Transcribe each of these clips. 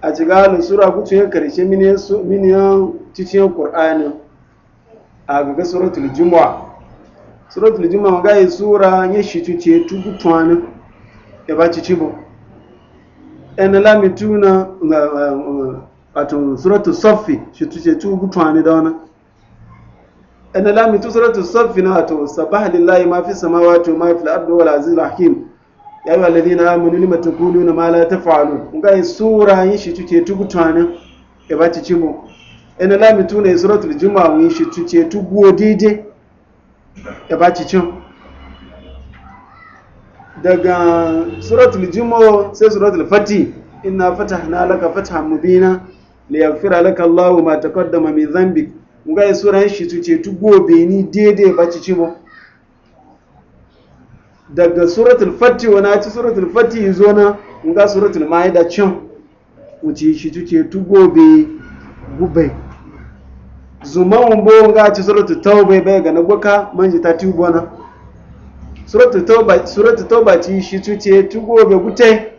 a ciga nu sura kutu ya karshe miniyan cikin qur'ani a gaga suratul jumu'a suratul jumu'a ga yi sura ya shi cuce tuku tuwani ya e ba ci cibo ɗan e lami tuna wato suratul sofi shi cuce tuku tuwani da wani ɗan e lami tu suratul saffi na wato sabah lillahi ma fi samawa to ma fi al'adu wal aziz rahim ya yi waladi na amini lima ta kudu na mala ta falu ga yi sura yi shi tuke tugutanin ya e ba ci cibo ina lami tuna yi suratul juma'a yi shi tuke tuguwa dide ya e ba ci cin daga suratul juma'a sai suratul fati inna fatahna laka fatahan mubina liyaghfira laka Allahu ma taqaddama min dhanbik ga yi sura yi shi tuke tuguwa beni dide ya e ba ci cibo daga suratul fatti wana ci suratul fatti zo na nga suratul maida cin wuce shi tuce tugobe gube zuma umbo nga ci suratul tauba bai ga na gwaka manji ta tubo na suratul tauba suratul tauba ci shi tuce tugobe gute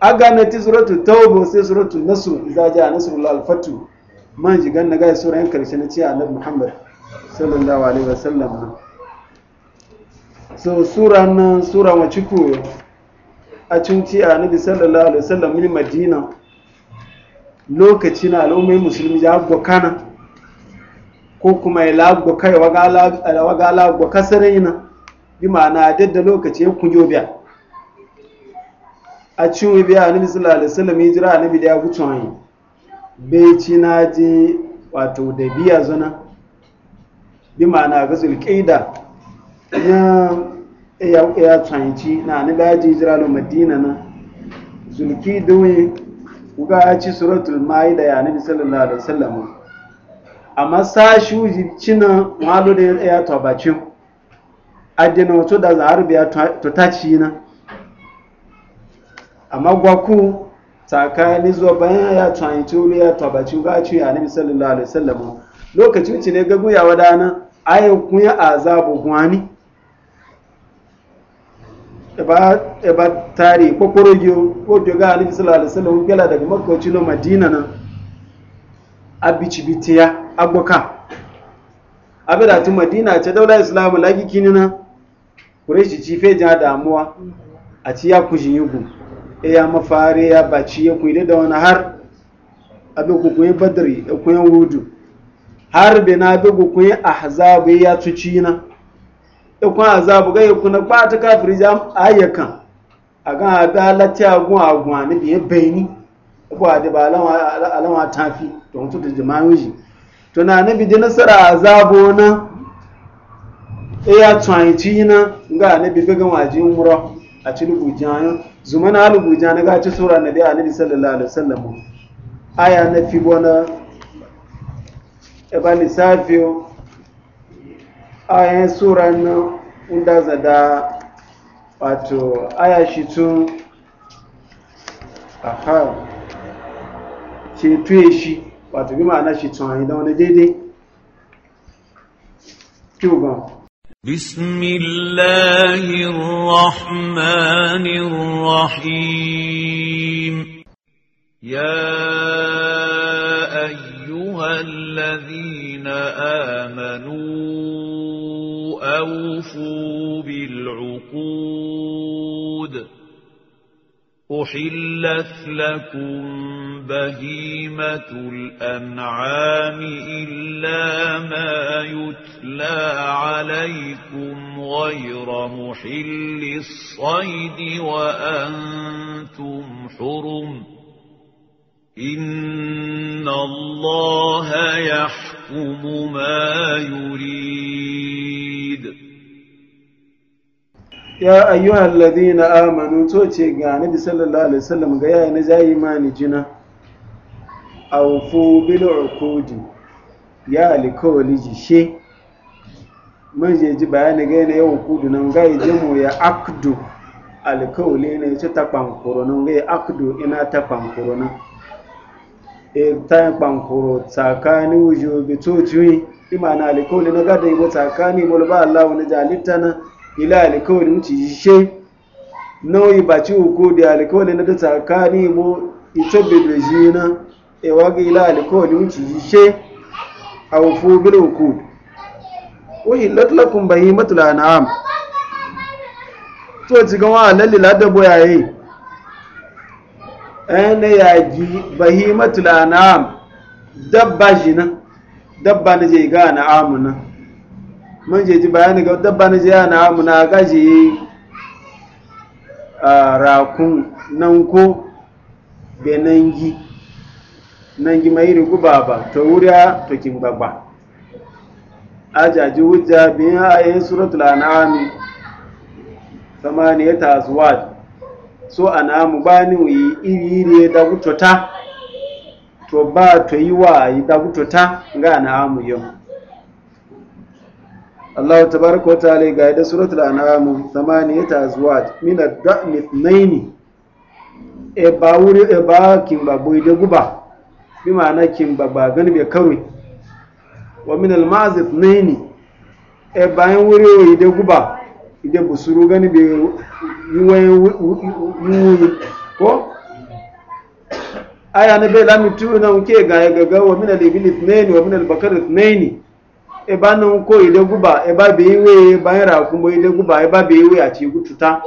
aga na ti suratul tauba sai suratul nasr idza ja nasrul alfatu manji ganna ga sura yan karshe na ci annabi muhammad sallallahu alaihi wasallam so sura nan sura wa ciko a cunci a nabi sallallahu alaihi wasallam min madina lokaci na al'ummai musulmi ya gokana ko kuma ya lagwaka ya waga lagwaka sarai na bi ma'ana dadda lokaci ya kunyo biya a cinwe biya a nabi sallallahu alaihi wasallam ya jira nabi da ya gucin hanyar bai ci na ji wato da biya zana bi ma'ana ga zulƙaida ya ya tsanci na ni ga ji jira lo madina na zulki duwi uga ya ci suratul maida ya nabi sallallahu alaihi wasallam amma sa shuji cina malo da ya to tabacin adina to da zahar biya to taci na amma gwaku tsakani zuwa bayan ya tsanci wuri ya to tabaci ga ci ya nabi sallallahu alaihi wasallam lokacin ci ne gagu ya wadana ayin kunya azabu gwani eba tari ko korogio ko joga anabi sallallahu alaihi wasallam gela daga makka cino madina na abici agboka abira tu madina ce daular islamu lagi kinina kureshi ci fe ja damuwa a ci ya kuji yugu e ya mafare ya baci ya kuyi da wani har abin ku kuyi badri kuyi wudu har bina abin ku kuyi ahzabu ya tuci na ikun azabu ga ikun na kpata kafiri jam ayyakan a kan ada lati agun agun ani biye bayni ko a ba alama alama tafi to mutu da jimawiji to na anabi da nasara azabu na e ya tsayi na ga nabi be ga waji umra a ci na zumana na ga ci sura nabi annabi sallallahu alaihi wasallam aya na fi bona e ba ayan sura nan inda zada wato aya shi tun aha shi tuye shi wato bi ma'ana shi tun hanyar wani daidai kyuban بسم الله الرحمن الرحيم يا أيها الذين آمنوا وأوفوا بالعقود أحلت لكم بهيمة الأنعام إلا ما يتلى عليكم غير محل الصيد وأنتم حرم إن الله يحكم ما يريد ya ayyuhal ladina amanu to ce ga nabi sallallahu alaihi wasallam ga yayi na jayi mani jina awfu bil uqudi ya alikawli jishe man je ji bayani ga yana yawan kudu nan ga jamu ya akdu alkawli ne ce ta pankuro nan ga akdu ina ta pankuro nan e ta pankuro tsakani wujubi to juyi imana alikawli na ga da ibo tsakani mulba Allah wani jalita na ila alkawari wuce shi nau'i ba ci uku da alkawari na da tsakani mu ita bebe shi na ewa ga ila alkawari wuce shi a wufu bil uku wani latlakun bayi matula na am to ci gawa alalli ladabo yayi ana yagi bahi matula na am dabba shi na dabba na je ga na amu mun je ji bayani ga dabba na jiya na muna gaji a rakun nan ko benangi nangi mai rigu baba to wuriya to kin gbagba ajaji hujja bin ayin suratul an'am ta zuwat so anamu bani wi iri iri da gutota to ba to yi wa yi da gutota ga anamu yau Allah ta baraka wa ta'ala ga da suratul an'am thamaniyata azwaj min ad da ithnaini e ba wuri e ba kin ba boy de guba bi ma'ana kin ba ba gani be kawai wa min al-ma'z ithnaini e bayan wuri oyi de guba ide busuru gani be yuwaye yuwaye ko aya ne be lamitu na nke ga ga wa min al-ibil ithnaini wa min al-bakar ithnaini eba ko ile guba eba be iwe ku rakumbo ile guba eba be ati a ce gututa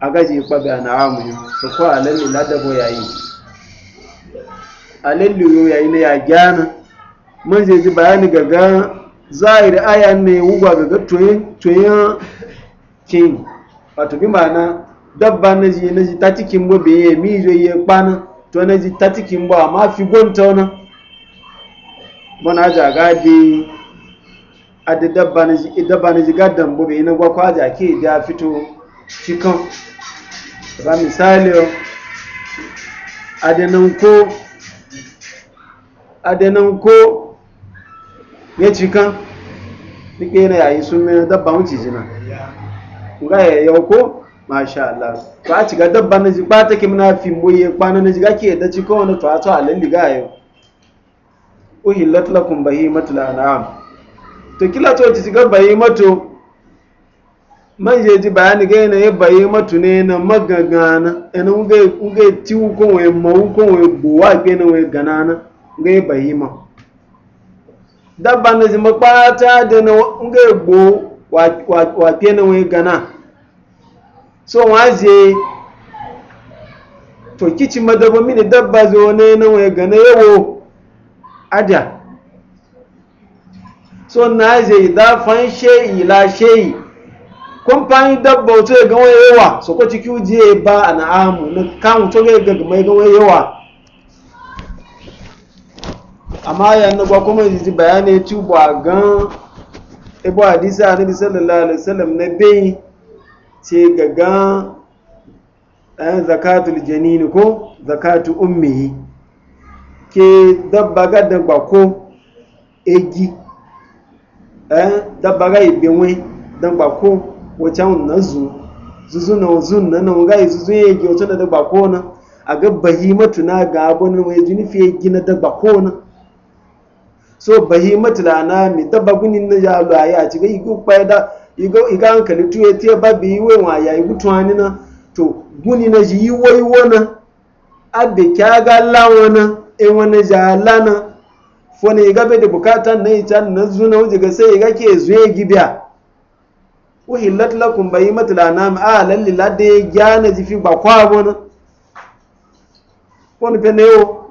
a gaji kwabe a na'amu yi su kwa alalli ladabo yayi alalli yo yayi na ya gyana man zai ji bayani gaga zahiri aya ne wugwa gaga tuyen king wato bi ma'ana dabba na ji na ji ta cikin bo be mi zo yi kpana to na ji tatiki cikin bo amma fi gonta wani mana jaga dai adi dabba na ji dabba na ji gadan bobe ina gwakwaji kwaja ke da fito cikin ba misali adanan ko adenan ko ya cikin duk yana yayi sun mena dabba wuce jina ga ya yau ko masha Allah Ba a ciga dabba na ji ba ta kim na fi moye kwana na ji ga ke da cikin wani to a a lalliga yau uhillat lakum bahimatul an'am to kila to ci ga bayi mato man je ji bayani ga yana bayi mato ne na magagana ina unga unga ti ko we ma ko we buwa ke na we ganana ga bayi ma dabba ne zima kpata da na unga bo wa wa ke na we gana so wa je to kici madaba mini dabba zo ne na we gana yawo aja so na eh, zai dafan sheyi la sheyi kumfani dabba wato ya gawa yawa so ko ciki ujiye ba a na'amu na kan wato ga gagama ya gawa yawa amma ya nagwa kuma jiji bayanai tubu a gan ibu hadisi a nabi sallallahu alaihi wasallam na bai ce ga gan ɗayan eh, zakatul janini ko zakatu ummihi ke dabba gadda dabba ko egi Eh, dabba ga ibe we dan ba ko wacce hun na zu zuzu na zu na na ga zuzu ya ge wacce da dabba ko na a ga bahimatu na ga abun mai jini fiye gina dabba ko na so bahimatu la na mi dabba gunin na ya lo aya ci ga igu pa da igu iga hankali tuye tiye ba bi we wa ya igu tuani na to guni na ji yi wai wona abe kya ga lawana e wani ja lana fone ga be da bukatan yi can na zuna wuce ga sai ga ke zuye gibiya uhillat lakum bayyimatul anam a lalli ladde gyana jifi ba kwa bona wani fe ne yo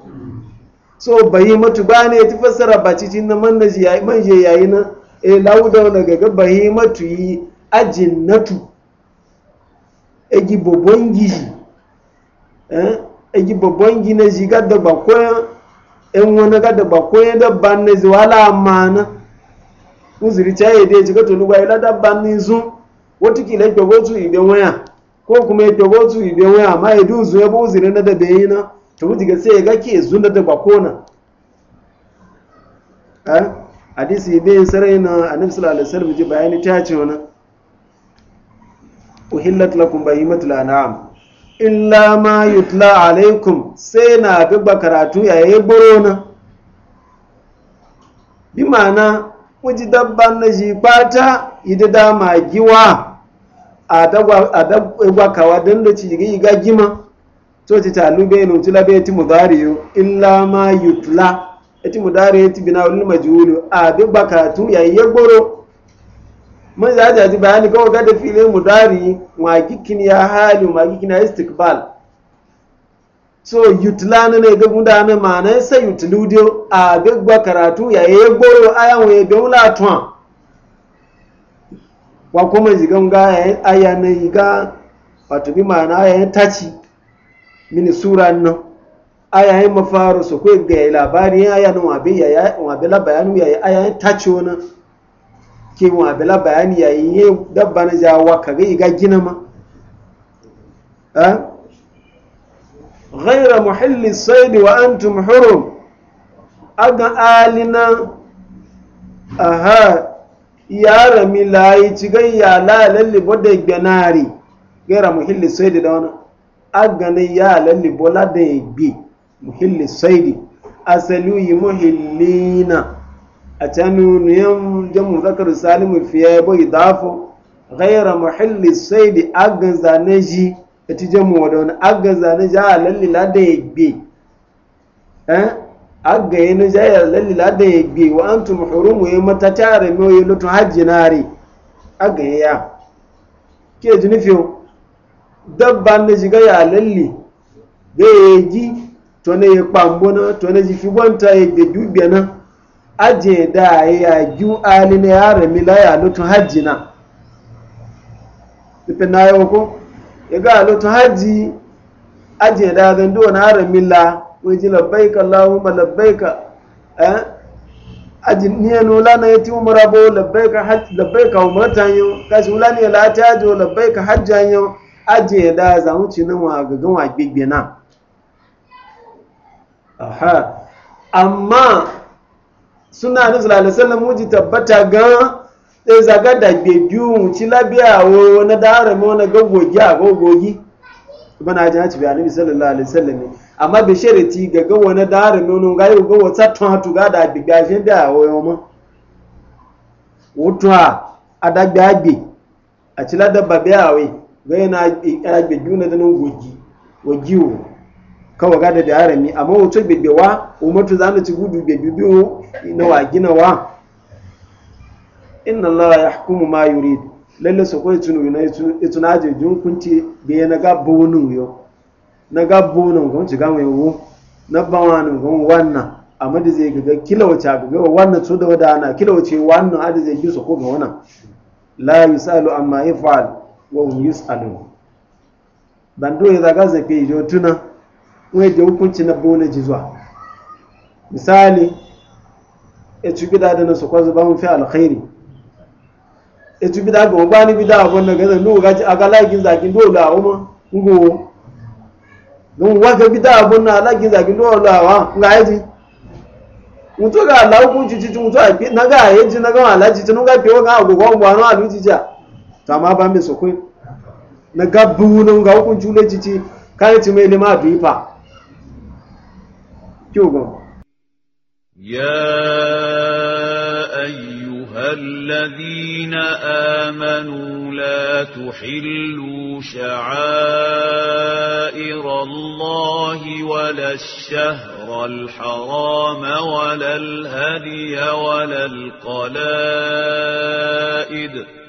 so bayyimatu ba ne ti fassara ba ci cin man da yayi man je yayi na e lauda daga ga bayyimatu yi ajinnatu egi bobon gizi eh egi bobon gine ziga da ba kwa in wani gada ba ko ya dabba ne zuwa lamana uzuri ta yi dai jika tunu gwaye dabba ne zu watakila ya gozu ibe waya ko kuma ya gozu ibe waya amma ya du zuwa ba uzuri na da bayi na to wuce ga sai ya ga ke zu na da ba kona eh hadisi bai sarai na annabi sallallahu alaihi wasallam ji bayani ta ce wannan uhillat lakum bahimatul an'am illa ma yutla alaikum sai na bibba karatu yayi boro na bi ma'ana wuji dabban na ji bata ida da giwa a dagwa kawa don da ci yi gima to ci talu bai nun tula bai ti yi, illa ma yutla e ti mudariyo ti bina wani majulu a bibba karatu yayi ya boro mun za ta ji bayani kawai ga da filin mudari gikin ya hali ma gikin ya istikbal so yutla na ne ga ma ma'ana sai yutlu dio a gaggwa karatu ya yi goro ayan wa ya biyu latuwan wa kuma jigan ga yayin aya na ga wato bi ma'ana yayin taci mini sura nan aya yin mafaru su kai ga labari aya nan wa bi ya yi bi labayanu ya taci wannan ke mu abela bayani ya yi dabba na jawa kaga iga gina ma a ghaira muhalli saidi wa antum hurum aga alina aha yara mi layi ci ya la lalle bode gbenari ghaira muhalli saidi da wani aga ne ya lalle bola da gbe muhalli saidi asali yi muhallina a canu nuyan jamu zakar salimu fiye bai dafo gaira muhalli sai da agan zane ji a ti jamu da wani agan zane ji a lallila da ya gbe aga yi na jaya lallila da ya gbe wa an tumu mu yi mata tare mai yi lutun hajji na re aga yi ya ke ji nufi dabba na shiga ya lalli da ya yi to na ya kpambo na to na ji fi gwanta ya gbe dubiya na aje da ya ju ali ne ya rami la ya lutu hajji na tupe na yau ko ya ga lutu hajji aje da zan duwa na rami la wai ji labbaika lahu ma labbaika eh? aji niya nula la na yati umara bo labbaika hajj labbaika kashi wula ni lati ajo labbaika hajjan yo aje da zan wuce nan wa gagan wa gbegbe na amma suna ní sọlá lẹsẹlẹ mú ti tabbata gan ɗaya zaga da biyu ci labiya wo na dare mu na gagogi a gogogi ibn haji ya ci bi annabi sallallahu alaihi wasallam amma bi sharati ga gawo na dare mu no ga yau gawo tsatton hatu ga da biga shi da wo yo wutwa adagbe agbe a ci ladabba biya ga yana da nan gogi kawo ga da harami amma wuce bebewa umatu zanu ci gudu bebibiyo na wa gina wa inna ya yahkumu ma yurid lalle su koyi tunu na ituna na jun kunti be na ga wani wuyo? na ga wani kun ci gama wo na bawanin kun wannan amma da zai ga kila wace gaga wannan su da ana kila wace wannan da zai bi su ko ga wannan la yusalu amma yafal wa hum yusalun bando ya zaga zai kai jo tuna da hukunci na bona jizwa misali e ci bida da na su kwazo ba fi alkhairi e ci bida ga ba ni bida abun da gaza no gaji aga lagin zakin dole a uma ngo don waga bida abun na lagin zakin dole a wa nga yaji mutu ga ala hukunci ci mutu a bi na ga yaji na ga ala ci tun ga biyo ga agogo mu anu alu ci ja to amma ba mi sokoi na gabu nun ga hukunci le ci ci kai ci mai lima bifa يا أيها الذين آمنوا لا تحلوا شعائر الله ولا الشهر الحرام ولا الهدي ولا القلائد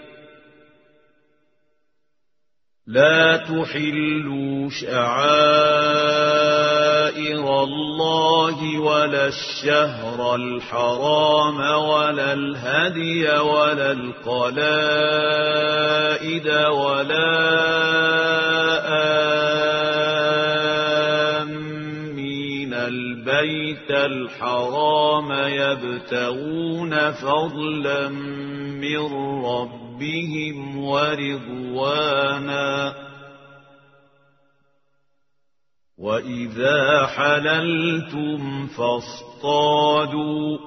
لا تحلوا شعائر الله ولا الشهر الحرام ولا الهدي ولا القلائد ولا آمين البيت الحرام يبتغون فضلا من ربهم ربهم ورضوانا وإذا حللتم فاصطادوا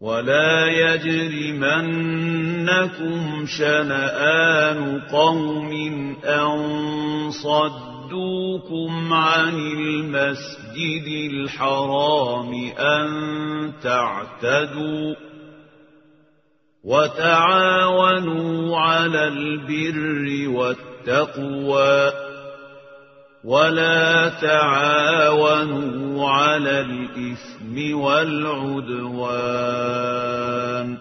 ولا يجرمنكم شنآن قوم أن صدوكم عن المسجد الحرام أن تعتدوا وتعاونوا على البر والتقوى ولا تعاونوا على الإثم والعدوان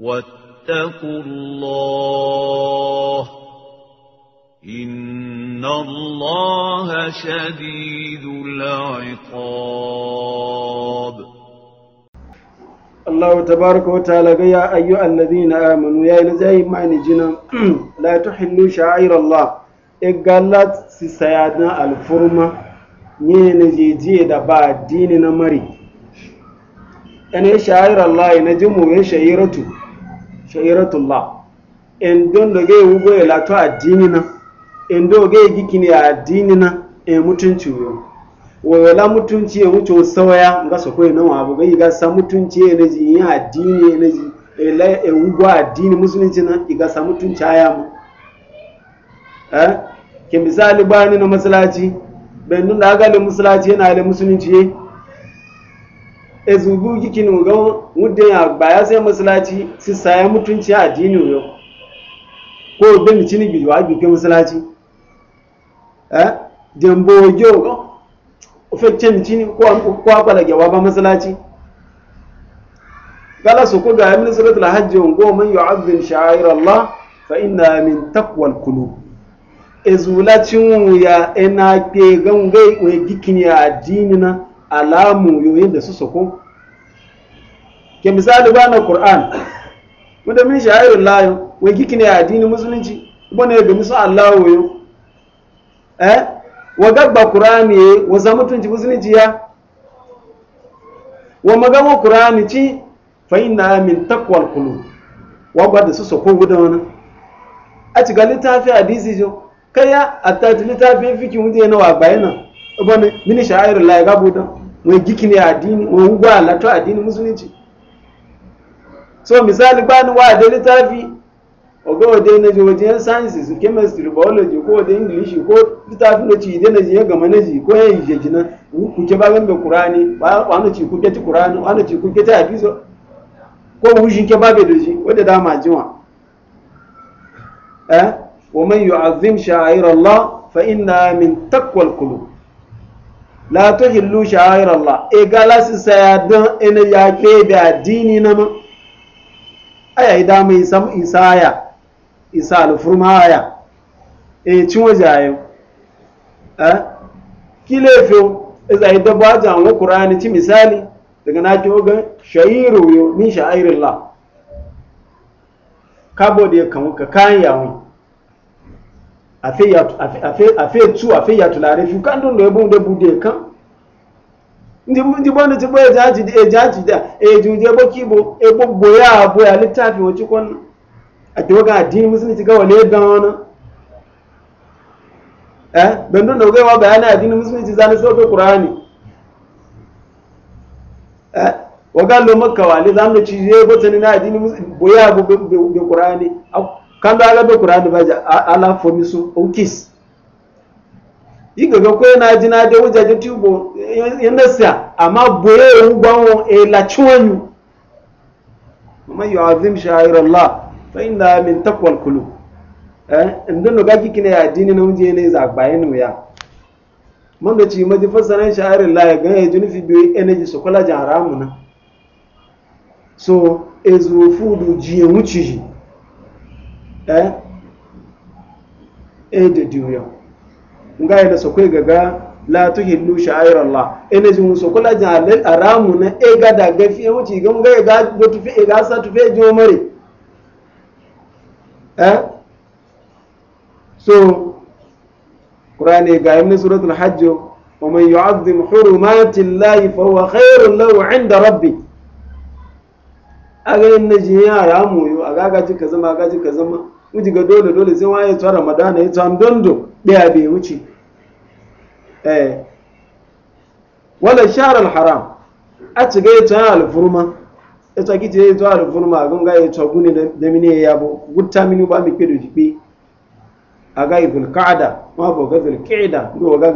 واتقوا الله إن الله شديد العقاب الله تبارك وتعالى يا أيها الذين آمنوا يا نزاي معنى جنا لا تحلوا شعير الله إقالات سيادنا الفرمة نجي جي دبا ديننا نمري أنا شعير الله نجمو شعيرته شعيرة الله إن دون لغي وغي لا تو الديننا إن دون لغي جيكيني الديننا إن متنشو wala mutunci ya wuce sawaya nga su kwaye nawa abu gai ga sa mutunci ya naji ji yin addini ne naji ela eh, e eh, wugo addini musulunci na ga sa mutunci aya mu eh ke misali bani na masallaci bai nun da agalin le yana le musulunci ya e zugu gikin ga mudde ya baya sai masallaci si saya mutunci a addini yo ko bin cini biwa bi ke masallaci eh dembo jo ofekce micini ko akwala gyawa ba masalaci kala su ku ga min suratul hajj on go man yu'azzim sha'air Allah fa inna min taqwal qulub ezulacin ya ena ke gangai we gikini ya na alamu yoyin da su soko ke misali ba na Qur'an wanda min sha'air Allah we gikini addini musulunci bane ga musu Allah yo eh wa gagba qur'ani ye wa za mutunci musulunci ya wa magama qur'ani ci fa inna min taqwal qulub wa gwada su sako gudan wani a ci ga littafi hadisi jo kai ya attati littafi fikin wuje na wa bayana bane mini sha'airul la ga budan wai gikini addini wai gwa lato addini musulunci so misali bani wa da littafi oga wade na ji wajen sciences chemistry biology ko wajen english ko littafin da ci na ji ya gama na ji ko ya yi jeji nan kuke ba gambe kurani ci kuke ci kurani ci kuke ko ke ba da wadda jiwa eh wa man yu'azzim fa inna min taqwal qulub la tuhillu sha'air Allah e galasi sayadan ina ya ke da dini na ma aya idan mai sam isaya isa alfurma aya e cin wajayen a kilefin iza yi dabba ta hanwa ƙura'ani ci misali daga na ki ogan shayiru yo min sha'irin la kabo da ya kamu ka kayan yawon a fe tu a fe ya tulare fi kan don da ya bun da bude kan ndi bon da ti boye jaji da e jaji da e juje bo kibo e bo boya boya littafi wacce kon a ti waga addini musulunci ga wale dan wani eh don don da gaiwa bayanin addini musulunci zane sauke qur'ani eh waga lo makka wale zan da ci je botani na addini musulunci boya bu be qur'ani kan kando ga be qur'ani ba ja ala fomisu ukis igaga ko yana ji na da wujaje tubo yana siya amma boye yin gbanwo e la ciwon yi azim sha'ir fa inna min taqwal qulub eh ndo no gaji kine ya dini na unje ne za gbayinu ya mun da ci maji fasaran sha'arin la ya ganye jini fi biyo energy su kula jan ramu na so ezu fudu jiye wuci ji eh e da diyo nga da su kai gaga la tuhillu sha'air Allah ene jin so kula jan ramu na e ga da gafi wuci ga mun ga ga tufe ga sa tufe jo mare eh so qur'ani ga yin suratul hajj wa man yu'azzim hurumati llahi fa huwa khairun lahu 'inda rabbi aga yin naji yara mu yo aga ga ji ka zama aga ji ka zama ji ga dole dole sai waye tsara ramadana ya tsam dondo daya bai wuce eh wala shahr al haram a ci ga ya tsaya al furma ita kiti ya zuwa rufin magun ga ya e tsagu da mini ya bo gutta mini mi kedo jipe a ga yi zulka'ada ma bo ga zulka'ida ndo ga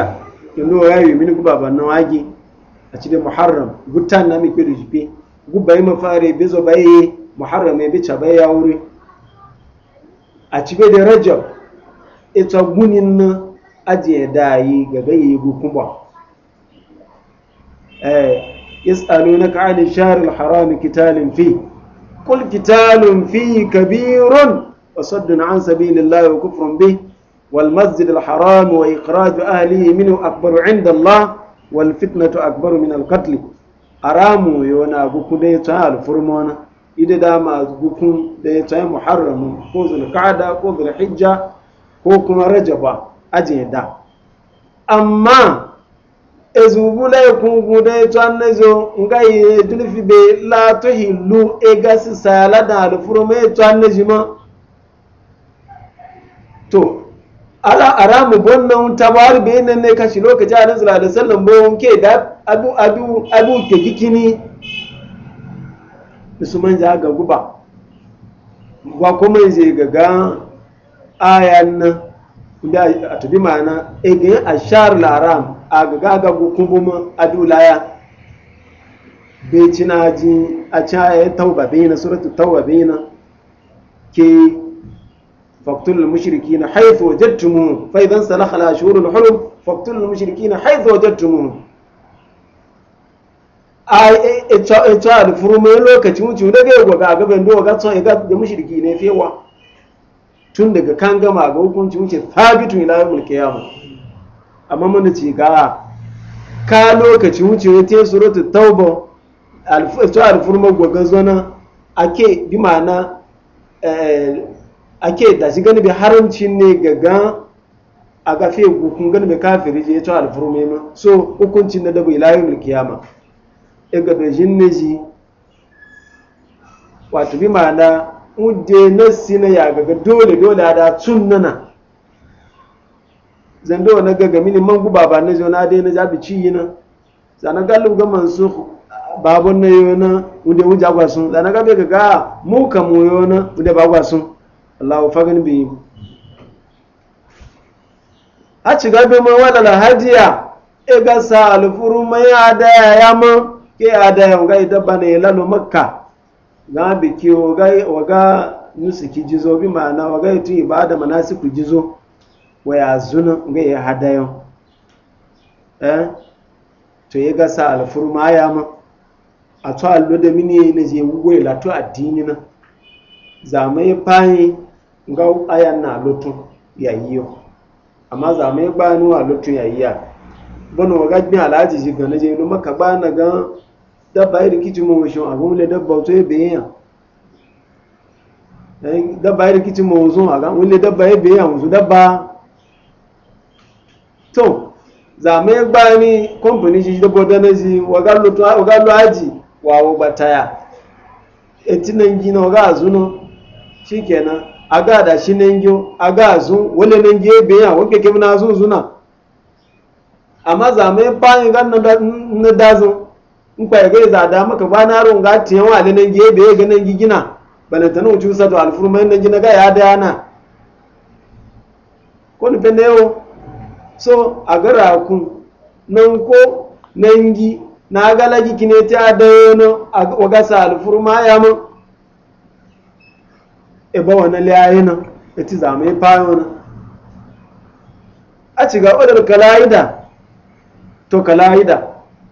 ga mini guba ba muharram gutta na bezo baye muharram ya da rajab ita gunin na ajiye يسألونك عن الشهر الحرام كتال فيه قل كتال فيه كبير وصد عن سبيل الله وكفر به والمسجد الحرام وإخراج أهله منه أكبر عند الله والفتنة أكبر من القتل أرامو يونا بكو ديتا الفرمونا إذا داما بكو ديتا محرم كوز القعدة كوز الحجة كوكما رجبا أجيدا أما ezubula ekunguda etwannezo nga etulufibe la tuhillu egasi sala da alfuroma ma to ala aramu bonnan tabari be nan kashi lokaci a nasu da sallan bawon ke da abu abu abu ke gikini musulman ja ga guba ba kuma je ga ga ayan nan da a tabi ma'ana ashar la aramu agaga a dulaya bai na ji a yi tauba na suratu tauba na. ke na فاقتلوا المشركين حيث وجدتموهم shuru na الأشهر الحرم فاقتلوا na حيث وجدتموهم a yi ita alfuru mai lokaci wuce da ga gwaga gaban do ga tson ga da mushriki ne fewa tun daga kan gama ga hukunci wuce thabitun ila yawmul amma mana ce ga ka lokaci wuce ne te suratu tauba to alfurma gwaga zona ake bi ma'ana eh, ake da shi gani bi haramcin ne ga ga a gafe gukun gani bi kafiri je to alfurma ma so hukuncin na dabu ila yawmil kiyama e ga da ji wato bi ma'ana wuje na sina ya gaga dole dole da tun zando na gaga mini man guba ba na zo na na jabi ci yina zana galu ga mansu babon na yona unde wuja gwasun zana ga be ga mu ka mu yona unde ba gwasun Allahu fagan bi a ci ga be ma wala la hajiya e ga sa alfuru mai ada ya ma ke ada ya ga ita bana ya lalo makka ga biki o ga o ga nusuki jizo bi ma'ana o ga ita ibada manasiku jizo waya zuna ga ya hadayon eh to ya ga sa alfurma ya ma a to allo da mini yayi na je wuwe la to addini na zamai fayi ga ayan na lutu yayiyo amma zamai gbanu a lutu yayiya bana waga gbin alaji ji ga na je no maka ba na ga dabba yi rikici mu shi abun le dabba to ebe yan dabba yi rikici mu zo aga wule dabba ebe yan zo dabba zame gbani kompani shi da bodanezi wagalu aji wawo bataya etinan gina waga azuno shikenan aga da shi nengyo aga azun wale nengyo ebe ya wake kebe na azun zuna amma zame bayan ga na dazun nkpa kwa ga za da maka ba na ron ga tiyan wale nengyo ebe ya ga nengi gina balantana wuce sato alfurman nengi na ga ya da yana ko nufin na yau so a gara kun nan ko nan gi na galagi kine ta da yono a waga salfur ma ya mu e ba wani layayi na e ti zame fayo a ci ga odar kalaida to kalaida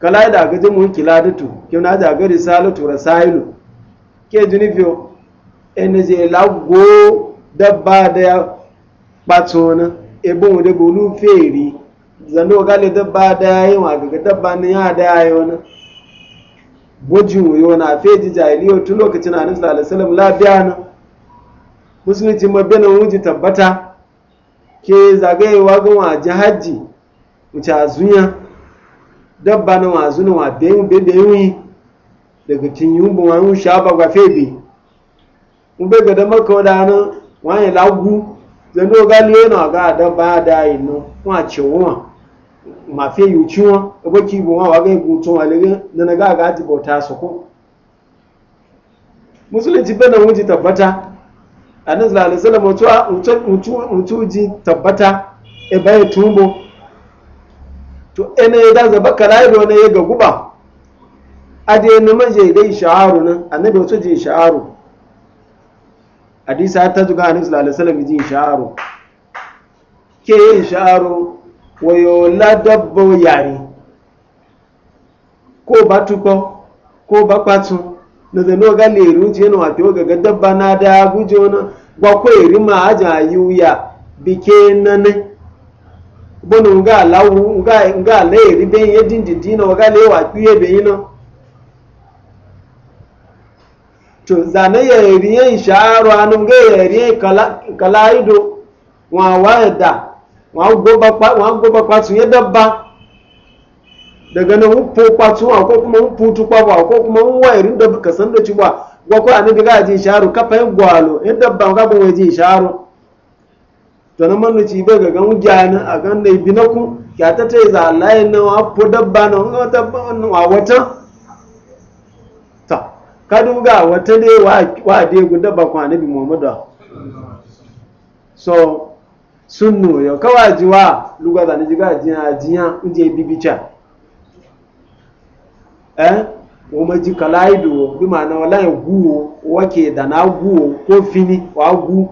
kalaida ga jimun kiladatu ke na da ga risalatu rasailu ke junifio ene je dabba da ya batona ebon da bolu feri zano gale dabba da yayi wa ga dabba ne ya da yayi wani bojin yo na feji jahiliyo tun lokacin annabi sallallahu alaihi wasallam lafiya na musulunci ma bana wuji tabbata ke wa ga wa hajji wuce azunya dabba na wa zuna wa bayin bayin daga yi bu wa yun shaba ga febi mun bai ga da maka wadana wani lagu zando gali yana ga da ba da inu wa ce wa ma fe yu ci wa ba ki bu wa ga gu to wa na na ga ga ti bota su ko musulunci bana wuji tabbata annabi sallallahu alaihi wasallam mutu mutu mutu ji tabbata e bai tumbo to ene da zaba kalai do ne ga guba ade ne manje dai sha'aru nan annabi wato je sha'aru hadisi har ta zuga hadisi lalai salam ji sha'aro ke yin sha'aro wayo ladabbo yare ko ba tukọ ko ba kwatu na zano ga leru je na wato gaga dabba na da gujo na gwakwa iri ma aja yuya bike nane bono nga lawu nga nga le iri ben yedin didina waga le wa kuye ben na. to zane ya riye sha'aro anum ga yariyan kalaido wa wada wa goba su ya dabba daga nan huppo kwatsun wa ko kuma huppo tukwa ba ko kuma wa irin da ka san da ci ba wa ko anabi ga jin sha'aro ka fa gwalo ya dabba ga ba waje sha'aro to na manu ci ba ga gan gyana a gan dai binaku ya ta ta yi za Allah ya na wa dabba na wa dabba na, wa wata kaduga wata dai wa dai guda ba kwa nabi muhammadu so sunnu yo kawa jiwa luga da jiga jiya jiya uje bibicha eh wo ma ji kalaido bi ma na wala guwo wake da na guwo ko fini wa gu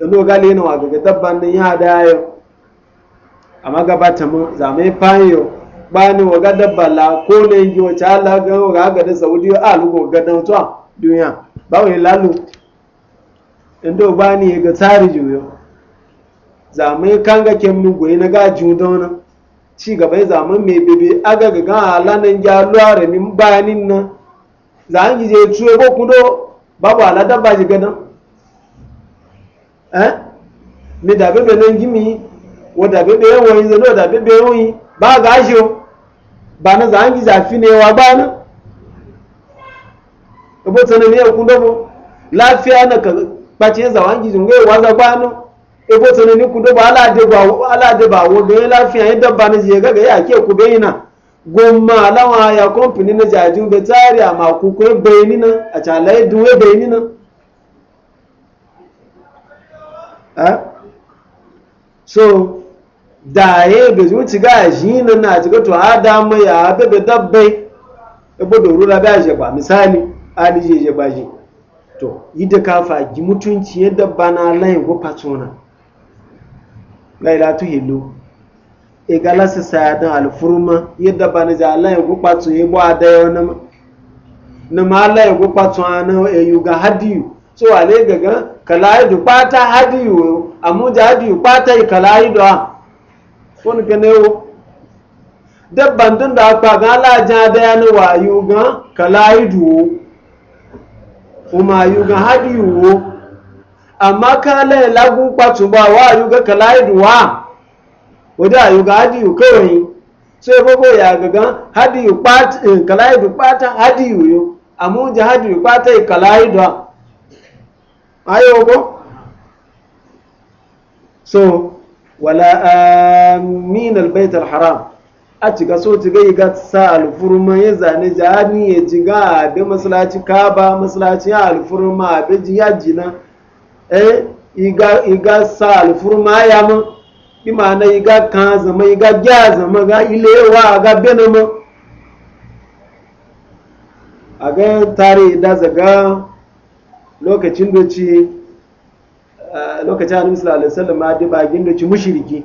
da no gale na wa daga dabban nan ya da yo amma gabata mu zame fayo bani wa dabba la ko ne ngi wa cha la ga waga ga da saudiya a lu ga dan to duniya ba wai lalu indo bani ga tsari juyo zamai kanga kemnu goyi na ga judona ci gaba zaman mai bebe aga ga ga alanan ya luware min bayanin nan za an gije tuwe ko kudo babu ala dabba ji gadan eh mi da bebe nan gimi wa da bebe yawan yi zano da bebe yawan yi ba ga shi o bana zangi zafi ne wa bana ebo tsana ne ku dobo lafiya na ka bace zawangi zunge wa za bana ebo tsana ne ku dobo ala alade ba ala de ba wo ga lafiya ya dabba ne je ga ga ya ke ku bayina gomma alawa ya company e na jaju e e be tsari ama ku ko bayinina a chalai duwe bayinina eh so daye be zuci ga jina na jiga to adam ya be be dabbe e bodo rura ba je ba misali ali je je ba je to yidda ka fagi mutunci yadda bana layin go patona laila tu hilu e gala sa sayadan alfurma yadda bana ja layin go patu e bo adayo na na ma layin go patu ana e yuga hadiyu so ale gaga kala yi du pata hadiyu amuja hadiyu pata kala yi do fóònù kẹne o dabban tun da akpa gan alajan adaya ni wayo gan kala idu o umayu gan hadiyu o amma kala lagun kwatuba wa gan kala idu wa wadda ayo gan hadiyu kawai sai gbogbo ya gagan hadiyu pata eh, kala idu pata hadiyu yo amma hadiyu pata kala idu a ayo ko so wala amin albayt alharam a ciga so ciga yi ga sa alfurma ya zane jani ya jiga a be masallaci kaba masallaci ya alfurma a ya ji jina eh iga iga sa alfurma ya mu bi ma'ana iga kan zama iga ga zama ga ilewa ga benama a ga tare da zaga lokacin da ci Eh, lokacin annabi sallallahu alaihi wasallam ma ba gindo ci mushriki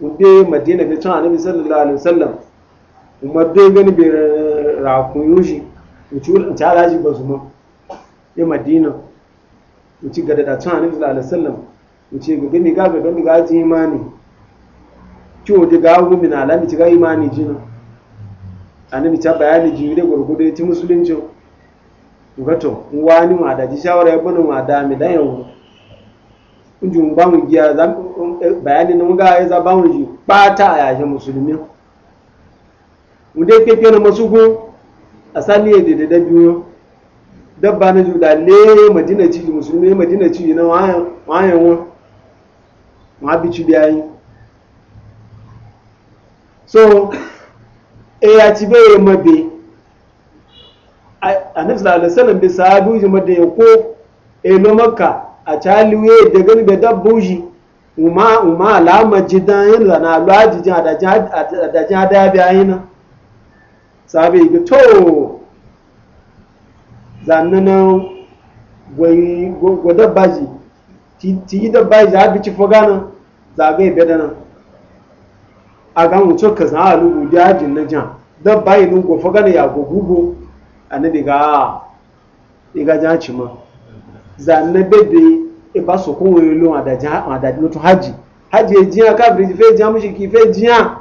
ude madina bi tun annabi sallallahu alaihi wasallam umar dai gani bi rakun yushi mutu ta alaji ba su ma ya madina ci gada da tun annabi sallallahu alaihi wasallam mutu ga gani ga ga ga ji imani ki o ga hu min alami ci ga imani jina annabi ta bayani ji da gurgudu ti musulunci ngato wani ma da shawara ya bani ma da mi dan yau injin ba giya za bayani na muga ya za ba mu ji bata a yashe musulmi mu dai ke kenan asali ya dede da biyu dabba na juda le madina ci musulmi madina ci na wayan wọn ma bi ci biyayi so e ya ci bai mabe annabi sallallahu alaihi wasallam bi sahabu jima da yako e eh, no makka a chaliwe da gani da dabbuji uma uma alama jidan yin da na lwaji jin a jin da jin da bi ayina sahabi ga to zannana gwai go dabbaji ti yi dabbaji ha bi ci fogana zagai bedana a ga mutum ka zan a da ajin na jan dabbaji nun go fogana ya go annabi ga iga jaci ma za na bebe e ba so kun wuri lo ada ja ada lutu haji haji e jiya ka bi fe mushi mushriki fe jiya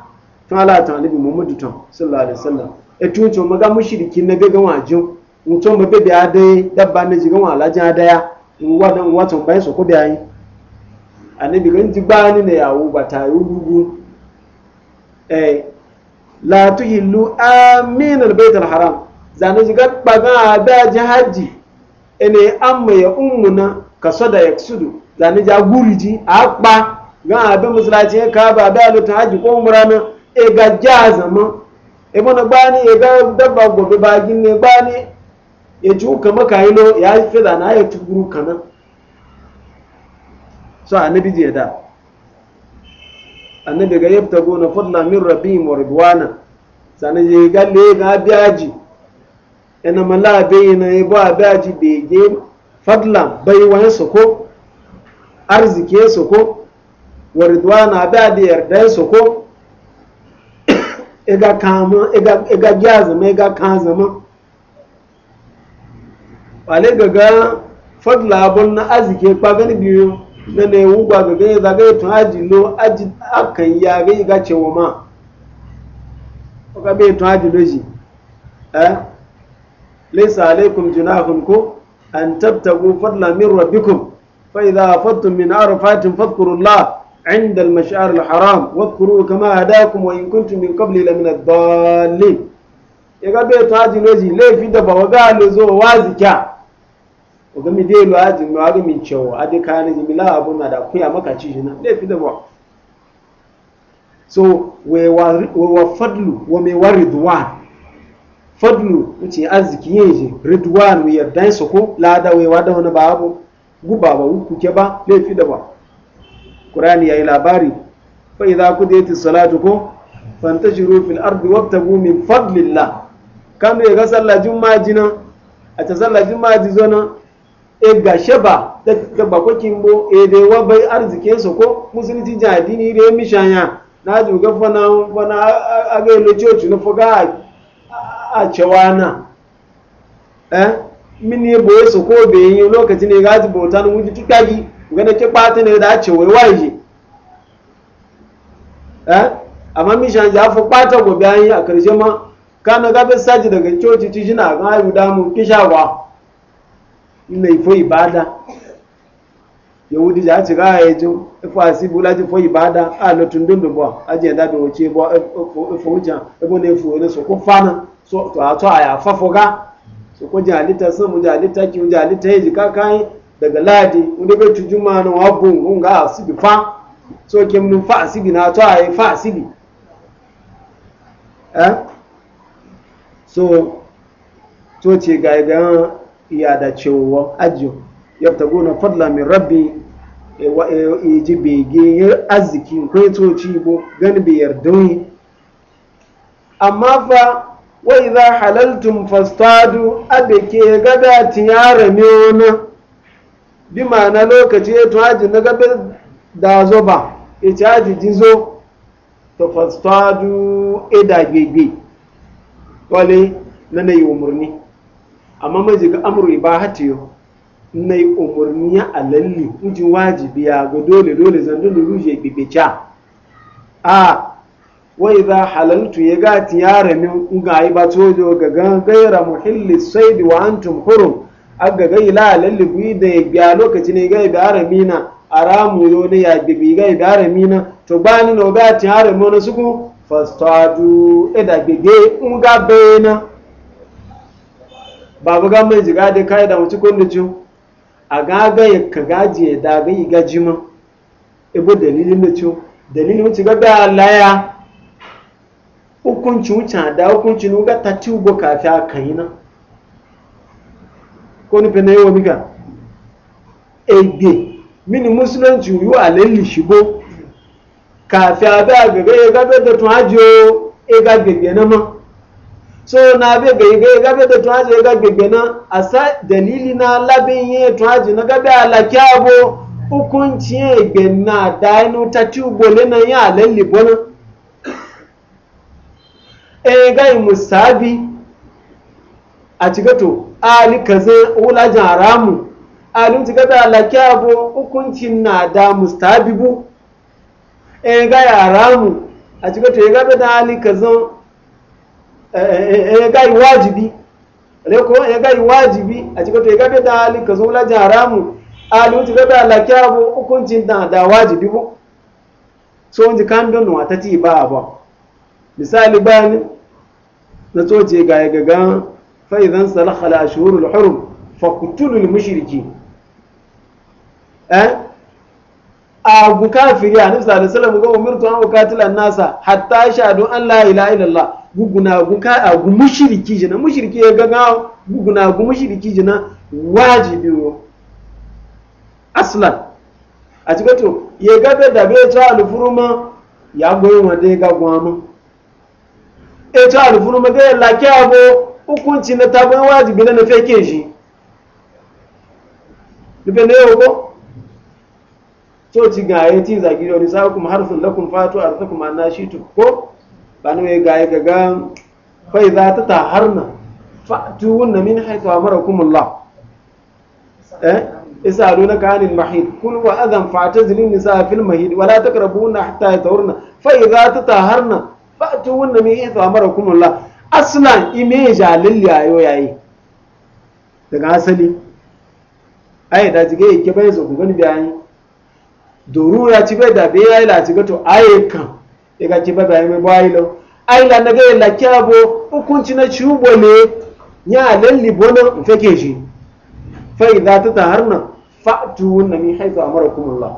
to ala ta annabi muhammadu to sallallahu alaihi wasallam e tu to maga mushriki na bebe wajo mutum ba bebe ade dabba na jigan wala ja daya in wadan watan bai so ko da yi annabi gan ti gba ni na yawo ba ta eh la tuhillu amin baitul haram zane ziga kpaga aja haji ene amma ya ummuna kaso da yaksudu zane ja guriji a kpa abe musulaci ya ka ba abe aluta haji ko umra na e ga ja zama e bona gbani e ga dabba gobe ba ginne gbani e ya ci uka maka yilo ya fi zana ya ci kana so annabi je da annabi ga yabta gona fadla min rabbihim wa ridwana zane je ga le ga biyaji ina mala bayi na yabo a baji bege fadla baiwan su ko arzike su ko waridwana ba da yarda su ko iga kama iga gya zama iga kan zama wale gaga fadla abun na arzike kwa biyu na na yi wugwa gaga ya zaga tun aji lo aji akan ya ga iga cewa ma ka bai tun aji lo ji eh laisa alaikum junahun ko an tabtagu fadla min rabbikum fa idza afattum min arafatin fadhkurullah عند المشعر الحرام واذكروا كما هداكم وإن كنتم من قبل لمن الضالين yaga bai ta ji loji laifi da ba waga lo zo wa zika ga mi dai lo mi mi cewa adi ka ne mi la abu na da kuya maka ci shi na laifi da ba so we wa fadlu wa me waridwan fadlu wuce arziki yin je ridwan mu yardan su ko lada wai wada wani babu guba ba ku ke ba laifi da ba qur'ani yayi labari fa idza qudiyati salatu ko fantajiru fil ardi wabtagu min fadlillah kan ya ga sallah juma'a jina a ta sallah juma'a ji zona e ga sheba da ba kwakin bo e dai wa bai arzike su ko musulunci jadi ni re mishanya na ju ga fana fana aga ile chochu na foga achewana eh mini bo yeso ko be yin lokacin ne gaji bauta nan wuji tukagi gane ke kwata ne da achewe waje eh amma mi shan ja fa kwata go bayan a karshe ma kana gabe saji daga coci ci jina ga ayu da mu kishawa ina ifo ibada yahudi ja ci ga ya jo ifo asibu laji fo ibada a lotun dundu bo aje da be wuce bo ifo wuce ebo ne ifo ne so ko fana to a to a ya fafoga su ko jalita sun mu jalita ki mu jalita yi jika kai daga ladi mun daga tujuma na wabu mun ga asibi fa so ke mun fa asibi na to a yi fa asibi eh so to ce ga ga iya da cewa ajo yabtaguna fadla min rabbi e, wa e, e, ji bege arzikin kwaitoci bo, gani bai yarda amma fa wai za halaltun fastadu da ke gada tiyara ne wani bi ma na lokaci ya tuwa ji na gabar da zo ba ya ci haji ji zo ta fastadu ida gbegbe wale na na yi umarni amma maji ga amuru ba hati yau na yi umarni ya alalli uji wajibi ya ga dole dole zan dole ruje gbegbe ca a wai za halaltu ya ga tiyara min ga yi ba tojo ga gan gaira muhilli saidi wa antum hurum aga ga ila halalli bi da ya biya lokaci ne ga bi haramina aramu yo ne ya bi ga bi haramina to ba ni no ga tiyara mo na suku fastadu eda gege uga bena babu ga mai jiga da kai da mutu kun duju a gaga ya ka gaji ya da ga yi gajima ibo dalilin da ciwo dalilin mutu ga da laya hukunci wuce da hukunci nuga ta ci ubo kafi a kan yi nan ko nufi na yiwa mika egbe mini musulunci yiwu a lalli shigo kafi a gaga ya gabe da tun ajiyo ya gabe na ma so na bai ga ya gabe da tun ajiyo ya gabe na a sa dalili na labin yi tun ajiyo na gabe a laki abo hukunci egbe na da inu ta ci ubo lena ya lalli bonan Eh, gai musabi a ci gato ali kaza wulajin haramu ali ci gata alaki abu hukuncin na da mustabi bu e gai haramu a ci gato ya gaba da ali kaza e gai wajibi ko e gai wajibi a ci gato ya gaba da ali kaza wulajin haramu ali ci gata alaki abu hukuncin na da wajibi bu so wani kan wata ti ba ba misali bayanin na tsoce ga ya gaga faizan salakhala shuhurul hurum fakutulul mushriki eh? a agu kafiri a nufsa da salamu ga umirtu an ukatila nasa hatta shaɗu an la ilaha illallah guguna gu ka gu mushriki jina mushriki ya gaga guguna gu mushriki jina wajibi wo aslan a cikin to ya gabe da bai ta alfuruma ya goyi wanda ya gagwa mu e to alfuru maga ya laki abo hukunci na tabon wajibi na nafe ke shi nufe ne yau ko to ci gaye ti zagi da wani sa harfin lakum fatu a kuma na shi tu ko ba ni mai gaye ga gan fai za ta ta harna fatu wunna min haitu amara kumullah eh isa aluna ka anil mahid kul wa adam fa'tazilin nisa fil mahid wala takrabuna hatta yatahurna fa ta tataharna ba ta wanda mai yi tsamara kumulla aslan ime jalil yayo yayi daga asali ai da jige yake bai zo gani bayani doru ya ci bai da bai yayi la ci ga to ai kan ya ga ci bai bai mai bai lo ai la daga la kyabo hukunci na ciubo ne ya lalli bonan fake shi ta idza tataharna fa'tu wanda mai haifa amara kumulla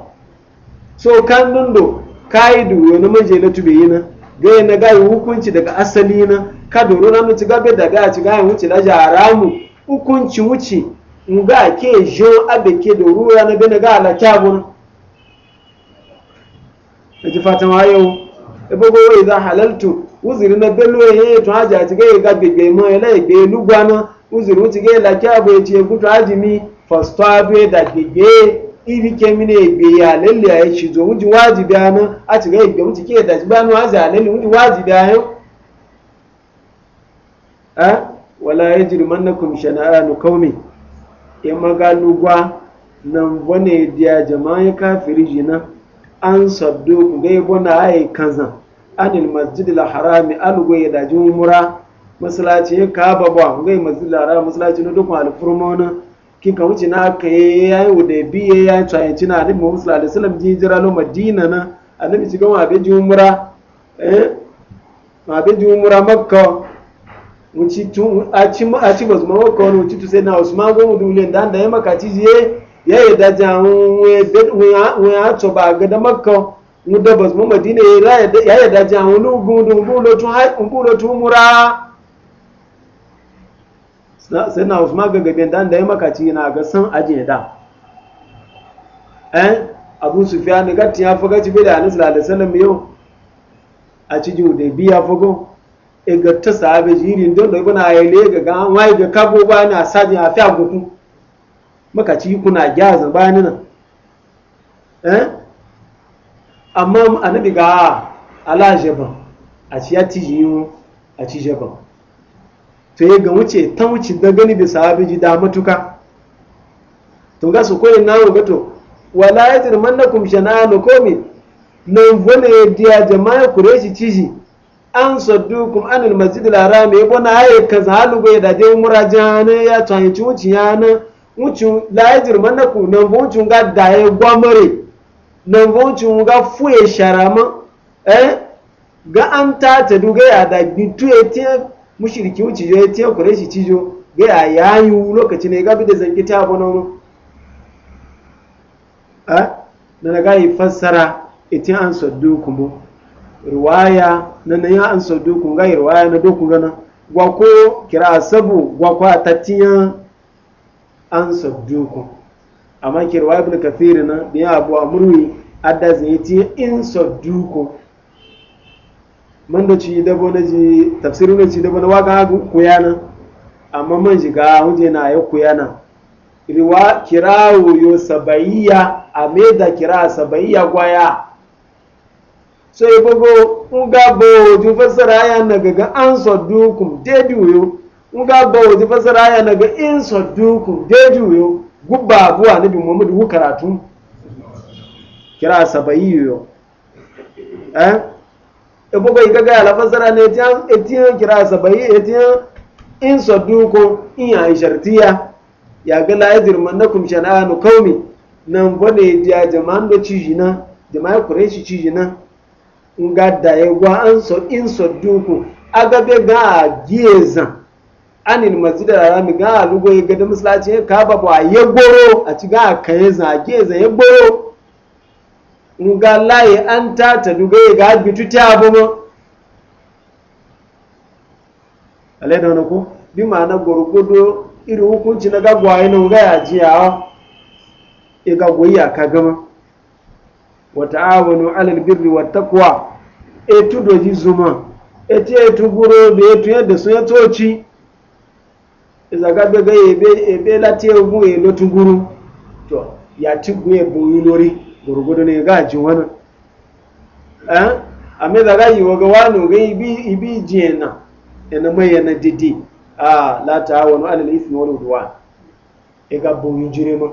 so kan dundo kai duwe na manje na tube yi na ga na ga hukunci daga asali na ka runa mu ci gabe da ga ci ga yi wuce da mu hukunci wuce nga ke jo abe ke da ruwa na bene ga ala kyabun da ji fatan wayo ebo go wai za halaltu uzuri na bello ye to haja ci ga ga bebe mo ela igbe lugwana uzuri wuce ga la kyabu ye ci gutu ajimi fastabe da gege ibi ke ne ebe ya lalle ya shi zo muji wajibi anu a ti ga ibe muji ke da a za aza lalle muji wajibi anu a wala yajrimannakum shana'anu qaumi in e magalugwa nan bane dia jama'a kafiri jina an sabdo ku ga e a yi e kanza anil la harami alugo ya da jumura masallaci ka baba ku ga la harami masalaci na dukkan alfurmona Kin ka wuce na ka ya yi ya biye ya yi tsayin cina a nabi musulun sallallahu alaihi ji jira lo madina na a nabi shiga ji umura ma eh, abe ji umura makka a ci basu makka wani wuci sai na mago gomu duniya da da ya maka ci je ya yi daja wani ya to ba ga da makka mu da basu madina ya yi daja wani gudu gudu umura sannan na usman ga dan da ya makaci na ga san aje da eh abu sufyan ga gatti ya faga ci bida anas da alaihi yau a ci ju da biya fago e ga ta sahabe jirin don da ya le ga ga wai ga kabo ba na saji a fi agutu makaci kuna gyaza bayanin nan eh amma annabi ga ah, ala jaban a ci ya tiji a ci jaban to ya ga wuce ta wuce da gani bi sahabi ji da matuka to ga su koyi na ga to wala yajrimannakum shana'anu komi. nan vone diya jama'a kureshi ciji an saddukum anil masjid al-haram ya bona haye kaza halugo da dai murajane ya tsayi cuci yana wuce la yajrimannakum nan vucu ga da ya gwamare nan vucu ga fuye sharama eh ga an ta ta duga ya da bitu ya mushiriki wuce ya ce kure shi cijo ga ya yayu lokaci ne gabi da zanki ta bono a na na gayi fassara itin an sadduku mu riwaya na na ya an sadduku gayi riwaya na doku gana na. Gwako kira sabu gwako kwa tatiya an sadduku amma kirwa ibn kathir na da ya abu a adda zai ti in sadduku man da ci dabo na ji tafsirin na ci dabo na waka kuyana amma man shiga huje na ya kuyana riwa kirawo yo sabaiya a meda kira sabaiya gwaya so ibogo nga bo ju fasara ya na gaga an sadukum dediyo nga bo ju fasara ya na ga in sadukum dediyo gubba abuwa bi muhammadu karatu kira sabaiyo eh ebogo igaga ya lafasara ne etiyan kira sabahi etiyan in saduko in ya shartiya ya ga la yajrimannakum shana'anu qaumi nan bane ya jama'an da ciji na jama'a quraishi ciji na nga da gwa an so in saduko agabe ga giezan anil masjid al-haram ga lugo ya ga da musulaci ka ba ba ya goro a ci ga kai za giezan ya goro nga layi an tata dugaye ga bitu ta abu ma alai da wani ko bi ma'ana gwargwado irin hukunci na gagwaye na ga ya ji yawa e gagwaye a ka gama wata awonu alal birri wa takwa e tudo ji zuma e ti e tuguro da e tu yadda sun ya toci izaga e bega ebe e lati egun e lo tuguru to ya ti gun e boyun lori gurgudu ne ga ji wani a eh? amma da gayi wa ga wani ga ibi ibi yana? ina mai yana didi ah la no alal ithmi wal udwan e ga bo yinjire ma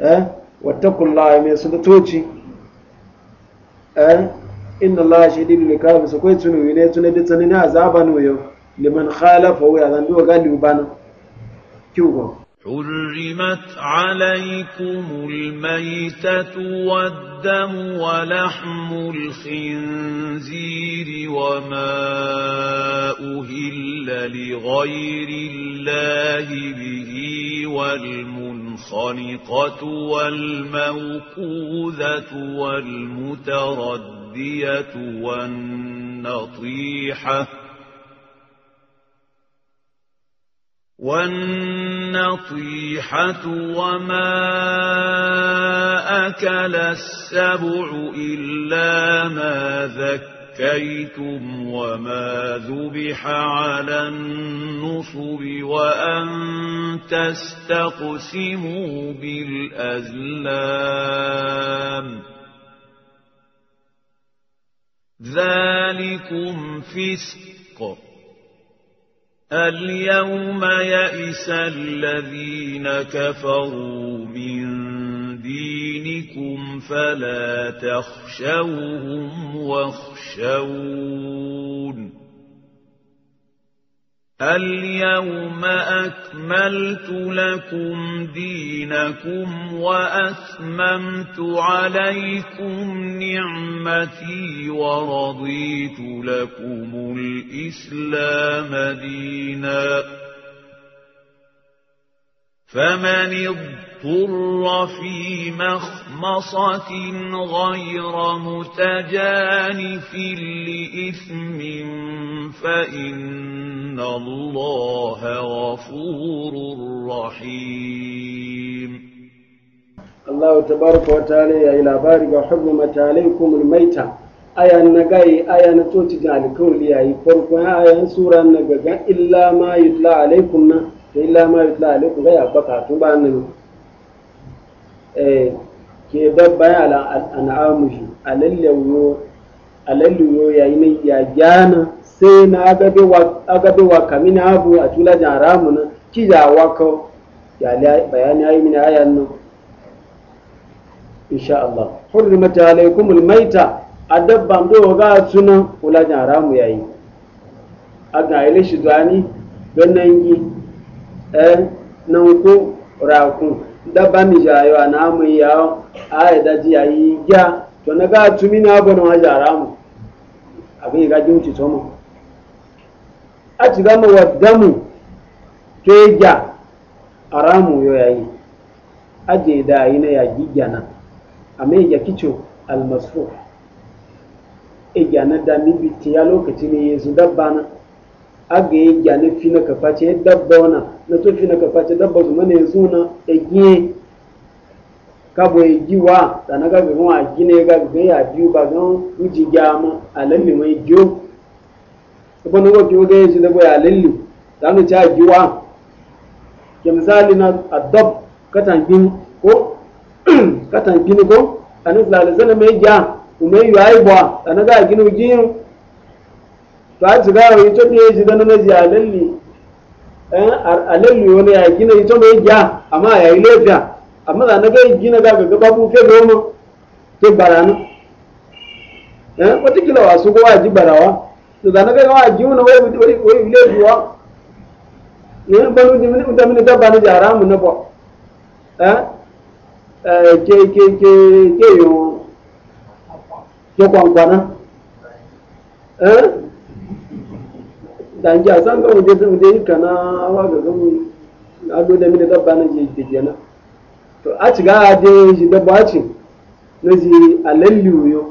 eh wattaqullaha mai sun toci eh inna allaha shadidul iqab su kai tunu ne tunu da tunu ne azaba no yo liman khalafa wa ya zan duwa ga libana kyugo حرمت عليكم الميتة والدم ولحم الخنزير وما أهل لغير الله به والمنخنقة والموقوذة والمتردية والنطيحة والنطيحة وما أكل السبع إلا ما ذكيتم وما ذبح على النصب وأن تستقسموا بالأزلام ذلكم فسق اليوم يئس الذين كفروا من دينكم فلا تخشوهم واخشوني اليوم أكملت لكم دينكم وأسممت عليكم نعمتي ورضيت لكم الإسلام دينا فمن اضطر اضطر في مخمصة غير متجانف لإثم فإن الله غفور رحيم الله تبارك وتعالى إلى بارك وحب ما تعليكم الميتة آية أي أن جاي أي أن توت جال كولي يا آية يفرق ما أي أن سورة إلا ما يطلع عليكم إلا ما يطلع عليكم غير بقى تبان Eh, ke dabbayan al'an'amu shi alalliyo ya yi ya gyana sai na agabe wa kami na abu a tula jan ramu na ci ya wako ya bayani ayi mini ayan nan insha Allah hurrimat alaikum almaita adabba ndo ga suna kula jan ramu yayi aga ile shi zani ganan yi eh nan ko rakun dabba mi jayo a namu yawo a ya daji a yi gya to na ga tumi na abu na wa jara mu abin ga jin ci tomo a ci wa damu to ya gya a ramu yo yi a je da yi na ya gya na a mai ya kicho almasu e gya na da mi biti ya lokaci ne yanzu dabba na aga yi gyanin fina ka face ya dabba wana na to fina ka face dabba su mana yanzu na egiye ka boye giwa da na ga gaban a gine ga gaban ya biyu ba ga wuce gyama a lalle mai giyo kuma na wakiyo ga yanzu da bai a lalle da mu ci a giwa ke misali na adab katan gini ko katan gini ko a nan zalalzala mai gya kuma yi wa yi ba da na ga gini to a ci gawa ito ne ya ji da na ji alalli eh, alalli wani ya gina ito ne ya amma ya yi lafiya amma da na bai gina ga gaga babu fe goma ke baranu eh, watakila wasu kowa ji barawa to da na bai gawa ji wani wai lafiya ne eh, banu dimini utamini dabba na ji haramu na ba ke ke ke ke yo ke kwankwana eh zanji a san ga wuje sun wuje yi kana awa ga gamu ado da mini dabba na je da kenan to a ci ga de ji dabba ci na ji alalli yo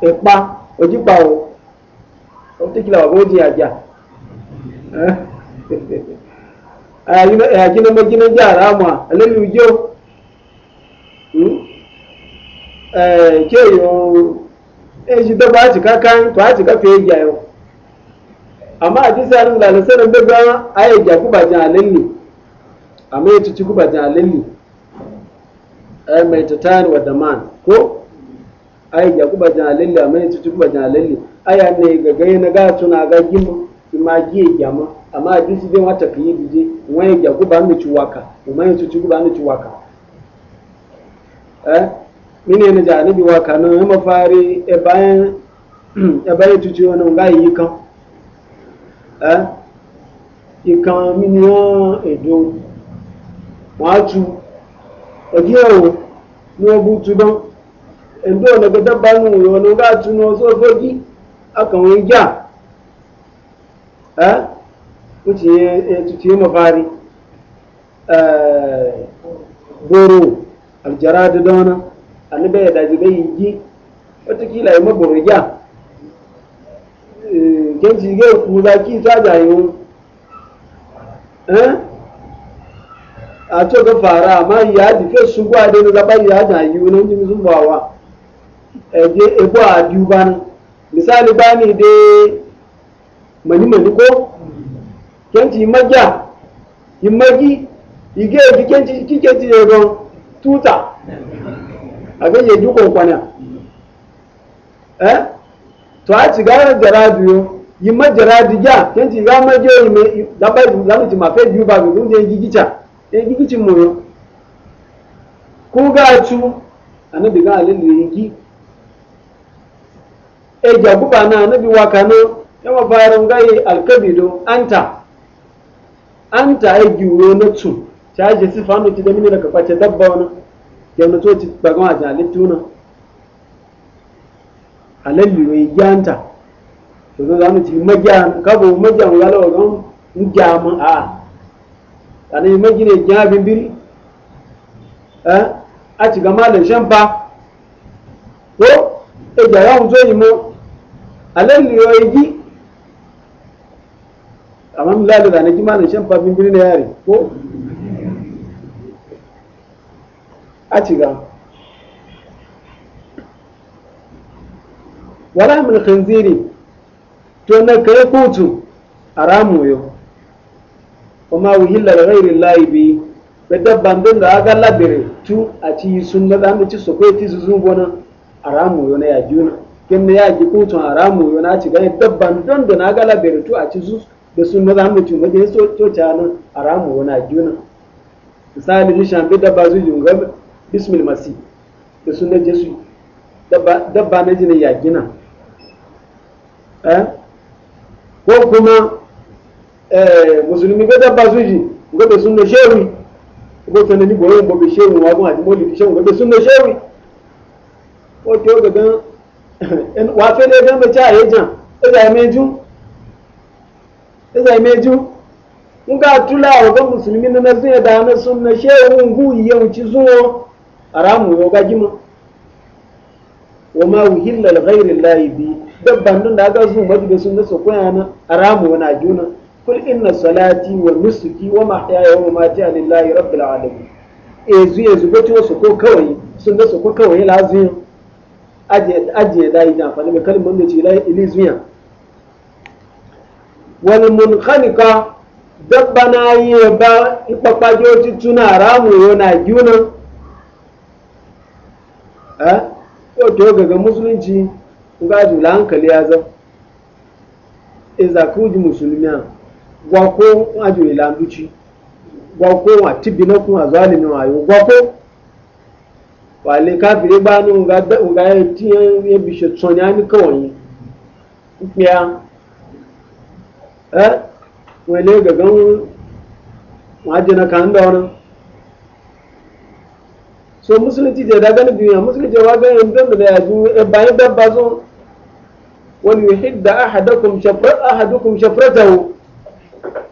e pa o ji pa o o te kila wa ji aja a yi a kina ma kina ja rama alalli yo hmm? eh ke yo e ji dabba ci kakan to a ci ka fe ya yo amma a jisa yarin lalata sanin bai gawa ayyar yi gya kuba jahalin ne a mai cici kuba jahalin ne a mai ta tayar wa daman ko ayyar yi gya kuba jahalin ne a mai cici kuba jahalin ne a yi ne ga gaya na gaya tuna ga gima ima giye gyama amma a jisi bai wata fiye bije wani gya kuba mai ci ciwaka kuma yi cici kuba mai ciwaka eh mine na janibi waka nan ya mafari ya e bayan ya e bayan cici wani ga yi kan ẹ́ ìkan mímíràn èdò wọ́n á tu ọ̀dí ní ọgbọ́n túbọ́n ẹ̀dọ́ ọ̀nàgbẹ́dá bá nù rẹ̀ bá tu ní ọsọ fọ́jí akànwé jà ẹ́ ó ti yẹ tutù yẹ mọ̀fárí gbòòrò àbújára dídánná àníbẹ̀yẹ̀dájú bẹ́yìí kejì ilé ìfura kí ìtajà ìwọ a to fara amma ya ji fe su gwa da na ba ya da yi wani jin sun bawa e je e bo a ju ban misali bani de mani mani ko kenji maja imagi ige ji kenji kike ji e go tuta a ga ye ju kon kwana eh to a ci ga da radio yima jaradija kenti gama je yime daba lamu ti mafe ju ba gudu je gigicha e gigichi moyo ku ga chu anabi ga ale le yigi e jabu bana anabi wakano yawa faran e gaye alkabido anta anta e giwo na chu ta je sifa no ti da mini daga face dabba wani yamma to ti bagama ta littuna alalli wai gyanta to za mu ci magiya kabo magiya mu galawa gan mu jamu a kana magi ne jabin biri eh a ci ga malan shampa ko e ga ya mu zo yi mo alal yo yi amma mu lalu da ne ji malan shampa bin biri ne yare ko a ci ga wala min khinziri to na kai kotu aramu yo yau kuma wuhilla da ghairi laibi bi dabban don da aga labirin tu a ci na da ci so ko ti zuzun a aramu yo na ya juna kin na ya kotun a aramu yo na ci gani dabban don da na ga labirin tu a ci su da sun na mu ci maje so to ta nan aramu yo na juna misali ni shan bi dabba zu yunga bismil masi da na je su dabba na jina ya gina eh ko kuma musulmi ko dabba su ji gobe sunna shewi ko sanani goyon gobe shewi wa gun hadimo lifi shewi gobe sunna shewi ko te o gagan wa fe le gan be cha ye jan e za meju e za meju nga tula wa ga musulmi na nasu ya da na sunna shewi ngu yauci zuwo aramu yo gajima wa ma uhilla li ghairi llahi bi dabban nan da aka su madu da sunna so koya na aramu wa najuna kul inna salati wa nusuki wa mahyaya wa mamati lillahi rabbil alamin e zu e zu bato su ko kawai sun nasa ko kawai lazim aje aje da yi amfani da kalmar da ce la ilizuya wal munkhaniqa dabba na yi ba ipapajo tituna aramu wa najuna eh ko to ga musulunci nga jula hankali ya zau iza kuji musulmi a gwako a jula lambuci gwako a tibi na kuma zalimi wayo gwako wale kafiri ba ni nga ya tiyan ya bishe tsoni a ni kawai ya eh wale ga gan wajina kan da wani so musulunci je da gani biyu ya musulunci wa ga yin don da ya ju e bayan dabba zo وليحد أحدكم شفرة أحدكم شفرته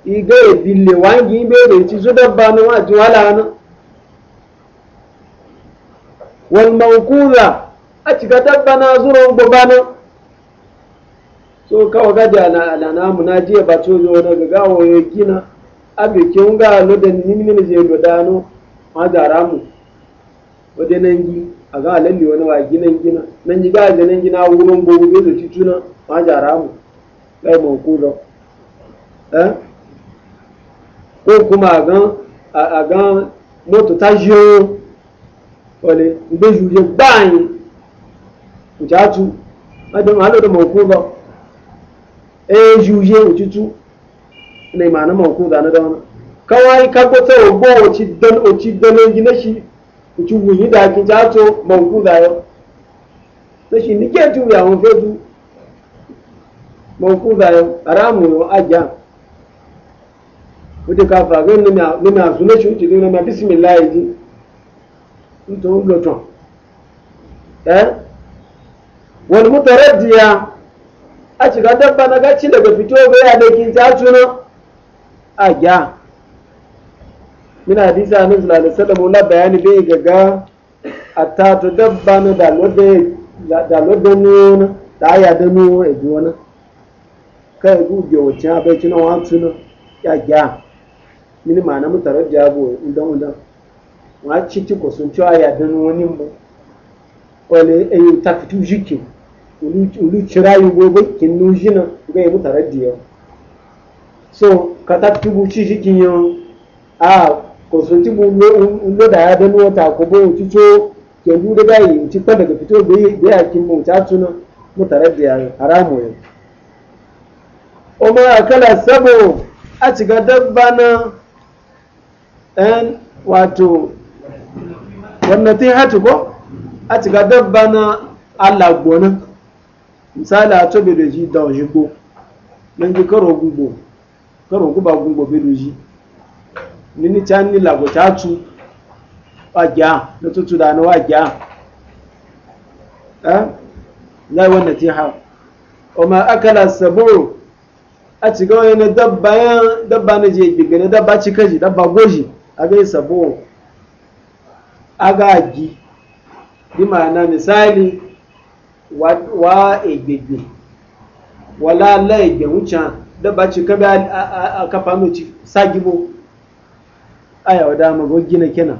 إيجاي باللي وانجي بيري تزودا بانو أجوالانا والموقوذة أتكتب بنا زورهم ببانا so kawa gadi ala namu na jiya ba to zo daga gawo ya gina abe ke unga lo nimini je do dano ma jaramu gi a ga lalle wani wa ginan gina nan yi ga ginan gina wurin gobe da tituna ma jara mu kai mun kudo eh ko kuma gan a gan moto ta jiyo wale ngbe juje gbaanyi ujatu adam halo da mun kudo eh juje ututu ne ma na mun kudo na da wani kawai ka gota ogbo ochi dan ochi dan gina shi ti wù yi dáa nke n já tó mọ òkú dayọ lè ṣì ní kéètì wù àwọn fẹ́jú mọ aráàmù yọ ajá ka fàgé nínú àzúlẹ̀ṣù ti rí ọmọ bísímì láì dí nítorí ló tàn ẹ wọn mú tọrọ ya a ṣìkà dábàá náà ká ṣílẹ̀ kò fi min hadisi annabi sallallahu alaihi wasallam la bayani be gaga atta to dabba no da lode da lode no da ya da no e duwana kai gu ge wacin abai cin wa tuna ya ga min ma na mutare jabo idan idan wa ci ci ko sun cewa ya da no ni mu wale e yu ulu ulu cirayu gobe kin nujina ga yi so kata tubu ci jikin yo a kòsòtì mo ló ló dàá bẹ́ẹ̀ ní wọ́n ta àkóbó òtítọ́ kẹ̀lú dẹ́gbà yìí òtí pẹ́ dẹ̀gbẹ̀ fìtó gbé gbé àkí mo òtí àtúná mo tàrẹ́ di aráàmù yẹn. ọmọ àkàlà sábò àtìgá dábàá náà ẹn wàtò wọnàtí hàtìkọ àtìgá dábàá náà alàgbọ̀ náà misali àtọ́bẹ̀rẹ̀ yìí dàn yìí gbó lẹ́yìn kọ́rọ̀ gbogbo kọ́rọ̀ gbogbo àgbọ̀ngbọ̀ bẹ̀rẹ̀ yìí. nini can ni lagu ta tu wa gya na tutu da eh? na wa gya eh lai wanda ti ha o ma akala saburu a ciga wani na dabba ya dabba na je biga na dabba ci kaji dabba goji a gai saburu a ga gi bi ma'ana misali wa, wa egbegbe wala la egbe wuce dabba ci kabe a kafa mai ci sagibo aya wa dama go gina kenan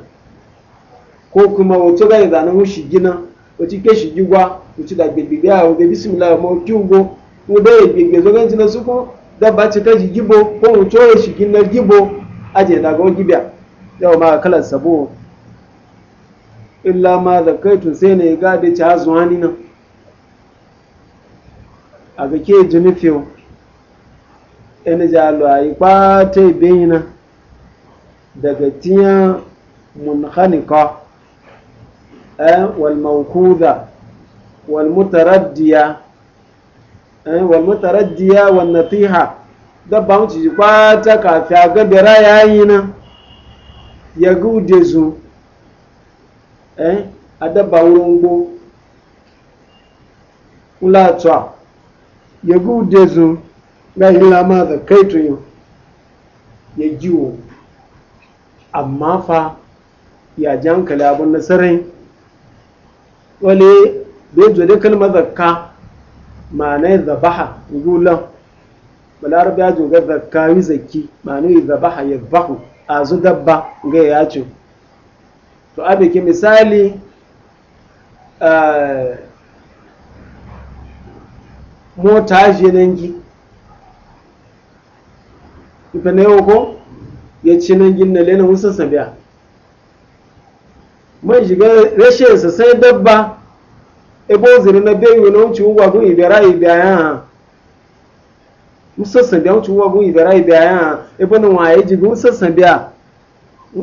ko kuma wato ga yanzu nan shi gina wato ke shi jigwa wato da gbegbe ya wa bismillah mo kiugo mo da gbegbe zo ganci na suko dabba ci kaji gibo ko wato ya shi gina gibo aje da go gibiya yau ma kalan sabo illa ma kai to sai ne ga da ci ni nan a ga ke jinifiyo ene jalo ayi kwata te yi nan daga tiyan munhanika eh, walmaukuda walmutaraddiya eh, walmutaraddiya wannatiha dabba mu ciji kwata kafi a gabera yayi nan ya gude zu eh, a dabba wurin gbo ya gude zu ga ilama da kaito ya jiwo amma fa ya jan kalabun nasarai wale bai jode kalmar zakka ma'ana zabaha gulan balarabi ya joga zakka yi zaki ma'ana yi zabaha ya zabahu a zu dabba ga ya ce to abin ke misali mota shi dangi ife yau ko ya ci nan gin na lena musa sabiya mai shiga rashin sa sai dabba ebo ziri na bai wani wuce wuwa gun ibera ibera ha musa sabiya wuce wuwa gun ibera ibera ha ebo na waye jigin musa sabiya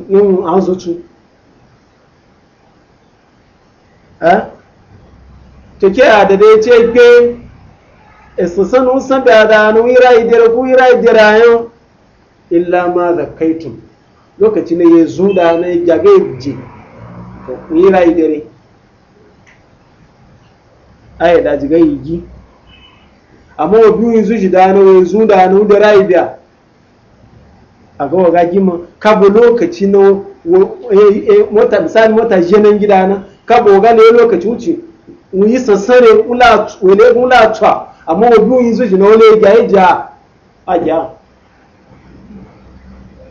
nun an zucu eh take a da dai ce ke esosan musa da da nu ira idira ku ira idira yau illa ma kaitun lokaci ne ya zuda na ya ya je to ku yi rayu dare ai da yi gi amma wa biyu yanzu shi da na ya da na da rayu biya a ga waga gima kabo lokaci na eh, eh, mota misali mota nan gida na kabo waga ne lokaci wuce mu yi sassare wule cwa, amma wa biyu yanzu shi na wani ya gaya ja a ja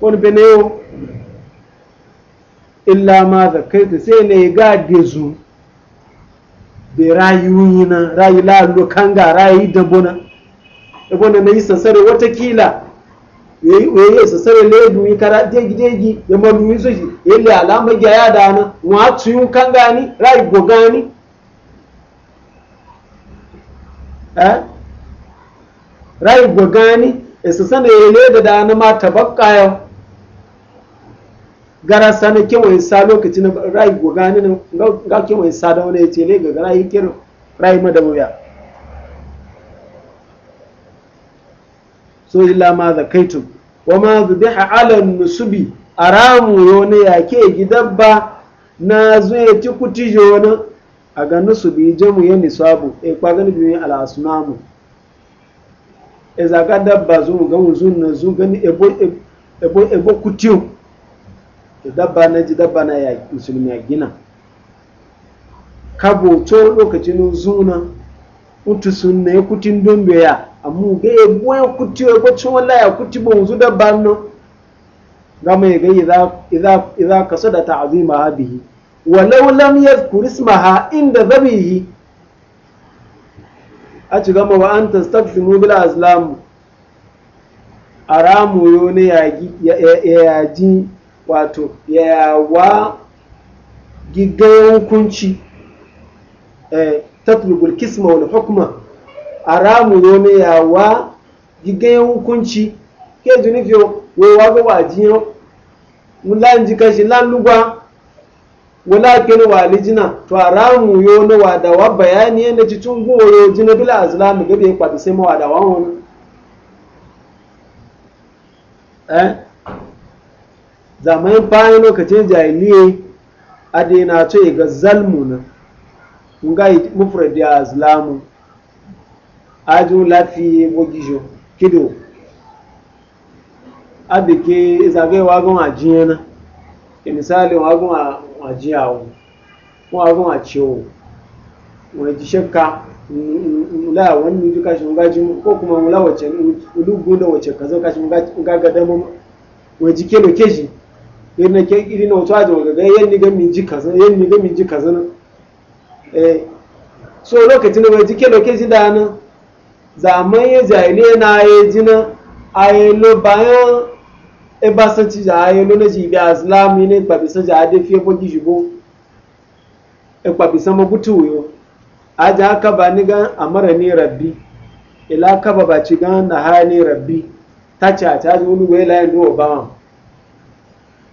wani beneyo illa ma zakaita sai ne ga dezu da rayuyi na rayu lalo kanga rayu dabona dabona na yi sassare watakila ya yi sassare laidu yi kara degi ya malu yi soshi ya yi alama gaya da na watu yi kanga ni rayu goga ni rayu goga ni ya sassare ya leda da na ma tabakka yau gara sani kewaye sa lokacin rai goga ni ga kewaye sa da wani ce ne ga rai kero rai madawiya so illa ma zakaitum wa ma zubiha ala nusubi ramu yone ya ke ba na ya ci kuti jona a ga nusubi jamu ya nisabu e kwagan biyu ala asnamu e zaga dabba zu ga wuzun na zu gani ebo e, kutiyo to dabba na ji dabba na ya musulmi ya gina kabo to lokacin zuna utu sunna ya kutin dombe ya amu ga ya boye kuti ya ko cin ya kuti bon zu dabba no ga ya ga idza idza idza kasada ta'zima wa law lam yadhkur ismaha inda dhabihi a ci gama wa an tastaghfiru bil azlam aramu yo ne yaji wato yawa gigayen hukunci eh, tatlubul kisma wani hukuma aramu no ne yawa gigayen hukunci ke junifi wewa ga wajiyan wulan ji kashi lan lugwa walakin walijina to aramu yo na wadawa bayani yadda ci tun goyo jina bila azlamu gabe kwaɗi sai mawadawa wani eh zamanin bayan lokacin jahiliye adina ce ga zalmu na nga mufrad ya zlamu aju lafi bogijo kido abike zage wagon ajiye na misali wagon ajiye awo wagon ajiye awo wani ji shakka mula wani nuju kashi mun gaji ko kuma mula wace ulugun da wace kazo kashi mun gaga damar wani ji kelo keji irin kyan iri na wato ajin wagaga yan ni gami ji kaza yan niga gami ji kaza na eh so lokacin da ji ke lokacin da na zaman ya jahiliya na ya ji na ayelo bayan ebasanci da ayelo na ji biya islami ne kpabisan ja ade fiye bo gijibo e kpabisan ma gutu wuyo aja haka ba ni gan amara ni rabbi ila e kaba ba ci gan na haya ni rabbi ta ci a ta ji wani wai yin duwa bawan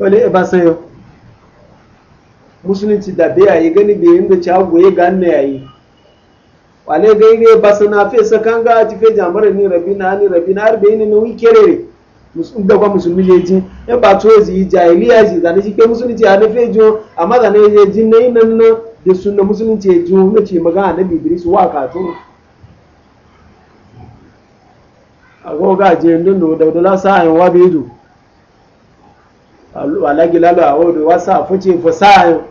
wale ba sayo musulunci da bai yayi gani bai yin da ci agoye ga hannu yayi wale ga yi ba sana fe sakan ga ci fe jamara ni rabi na ni rabi na arbe ni nuyi kerere musulun da kwa musulmi je ji ya ba to ji jahiliya ji da ni cike musulunci a nafe jo amma da ne je ji nayi nan na da na musulunci ya ji na ce magana na bibiri su wa ka to a ga ga je da da la sa'in wa bai alagi lalo a wodo wasa fuci fo sa'ayo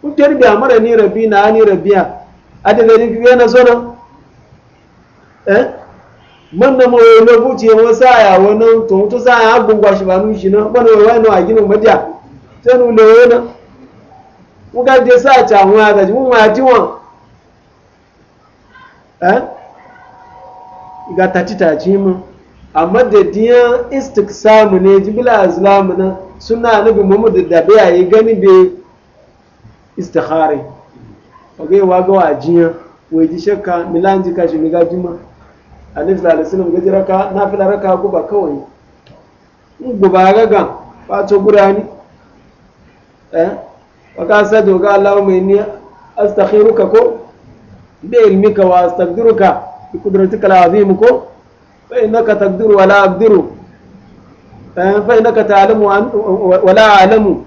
ku terbi amara ni rabi na ani rabiya ade da ni gena zono eh man na mo lo fuci fo sa'aya wono to to sa'aya agungwa shi banu shi na bana wai no agino se tenu le wona mu ga je sa ta hu aga ji mu ma ji won eh iga tatita ji mu a istik samu ne jibila azlamu na suna nabi muhammadu da bai yi gani be istikhari oge wa a jiya wai ji shakka milan ji kashi miga juma alif salisu na gaji raka na fi raka guba kawai in guba gaga fato gurani eh wa ka sa doga allahu mai a astakhiruka ko bi ilmika wa astaqdiruka bi qudratika al-azim ko فإنك تقدر ولا أقدر فإنك تعلم ولا أعلم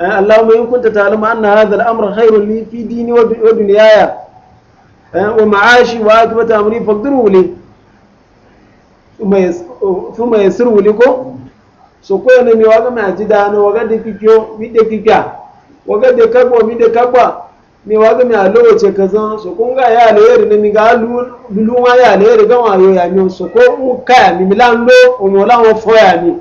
اللهم إن كنت تعلم أن هذا الأمر خير لي في ديني ودنياي ومعاشي وآكبة أمري فاقدره لي ثم يسره لكم سكون مي وغا ما جدا وغا دكيكيو مي دكيكا وغا دكابو مي دكابا mi waga mi alowo ce kazan so kun ga ya alheri ne mi ga luluwa ya alheri ga wa yo ya mi so ko mu ka ya mi milan lo o mo la won fo ya mi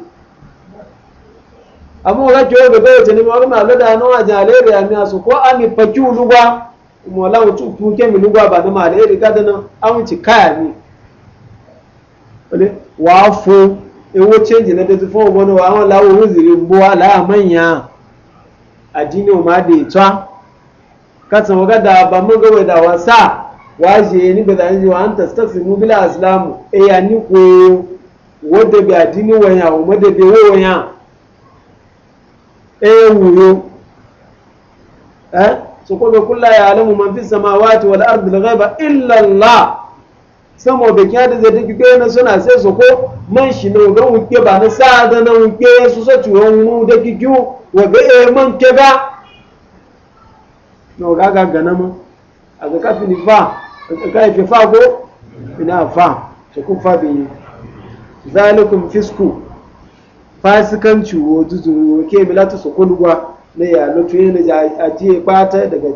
amu ga jo ga ga ce ni waga mi alo da no aja alheri ya mi so ko ami paki lugwa o mo la won tu tu ke mi lugwa ba da ma alheri ga da na awun ci ka ya mi ole wa fo ewo change na da fo bono wa awon lawo ruziri mbo ala manya adini o ma de twa kasa waga da ba mu ga da wasa waje ni ba zan jiwa an mu bila aslamu e ya ni ko wadda bi adini wanya o madda bi wanya e wuyo eh so ko be kullu ya alamu man fi samawati wal ardi ghaiba illa allah samo be kya da zai dike na suna sai so ko man shi ne ga wuke ba na sa da na wuke su so tuwon mu da kikiu wa ga e man ke ba na oga ganama? gana mu a ga kafin fa a ga ife fa ko ina fa ta kun fa bin zalikum fisku fasikanci wo duzu ke bilatu su kulwa na ya lutu ne da ajiye bata daga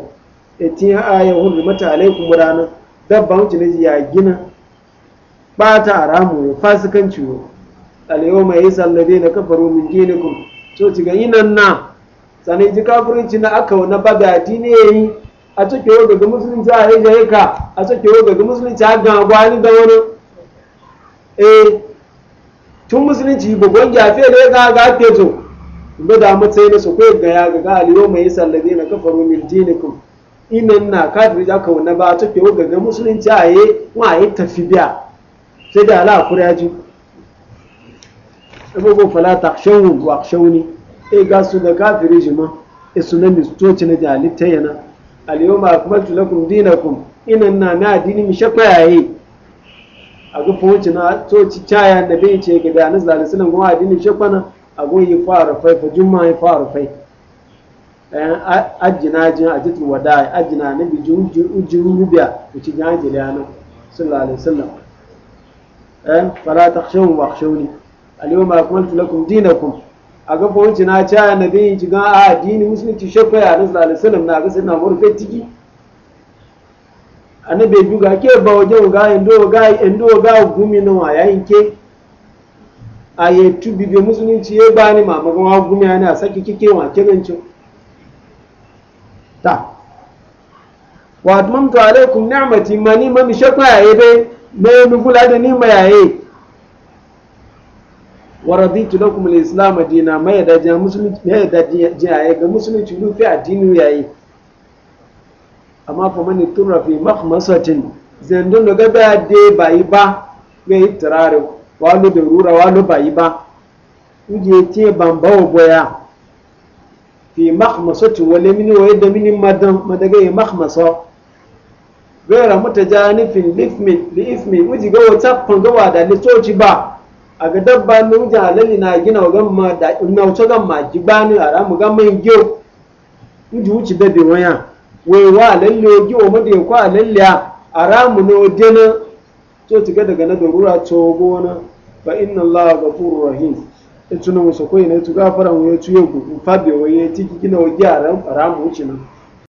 etin ayan hurmata alaikum ranan dabba wuce ne ya gina bata haramu fasikanci wo al yawma yasal ladina kafaru min dinikum to ci ga yinan na sanin ji kafirci na aka wani bagadi ne yi a cikin yau daga musulunci a yi jayika a cikin yau daga musulunci a gama gwani da wani eh tun musulunci bugon gyafe da ya ga ga feto ga da sai da su kai ga ya ga aliyo mai sallabe na kafaru min dinikum inan na kafirci aka wani ba a cikin yau daga musulunci a yi wa yi tafi biya sai da ala kuraji abubuwan fala takshawun wa akshawuni e ga su da kafiri shi ma e suna mistoci na jalitta yana aliyu ma kuma tulakun dinakun inan na na dini mi shakwaye a gufa wuce na toci caya da bai ce ga dani bayanan zalisalin kuma addini shakwana a go yi fara fai fa juma yi fara fai ɗayan ajina jin a jitin wada ajina na bi jirgin rubiya da ci jan jiri yana sallallahu alaihi wasallam ɗayan eh, fara ta shawun wa shawuni aliyu ma kuma tulakun dinakun a ga fahimci na caya na bin ci gan a addini musulunci shafa ya nasu alisalam na gasa na murfe ciki a na bai juga ke ba wajen ga endo ga ga gumi na wa yayin ke a yi tubi bai musulunci ya ba ni ma magan wa gumi a saki kike wa kenanci ta wa atmamtu alaikum ni'mati mani mami shafa ya na me nufula da ni ma yaye wa raditu lakum al-islam dinan mai da jiya musulunci mai da jiya ga musulunci rufi addini yayi amma fa man turra fi Zan zandun da gaba de bai ba ga wa walu da rura walu bai ba uje ce bambawo boya fi makhmasatin wala min wa yadda min madan madaga ya makhmasa gaira mutajanifin lifmi li ismi uji ga wata fanga da litoci ba a ga dabba nun na gina gan ma da na wuce gan ma ji gbani a ramu gan mai giyo in ji wuce bebe waya wai wa lalle o giyo mu da ko a lalle a ramu no dena to tiga daga na darura to gona fa inna allah ghafurur rahim e tuna musu ko ne tu gafara mu ya tuye ku fabe waye tiki kina o giya ramu wuce nan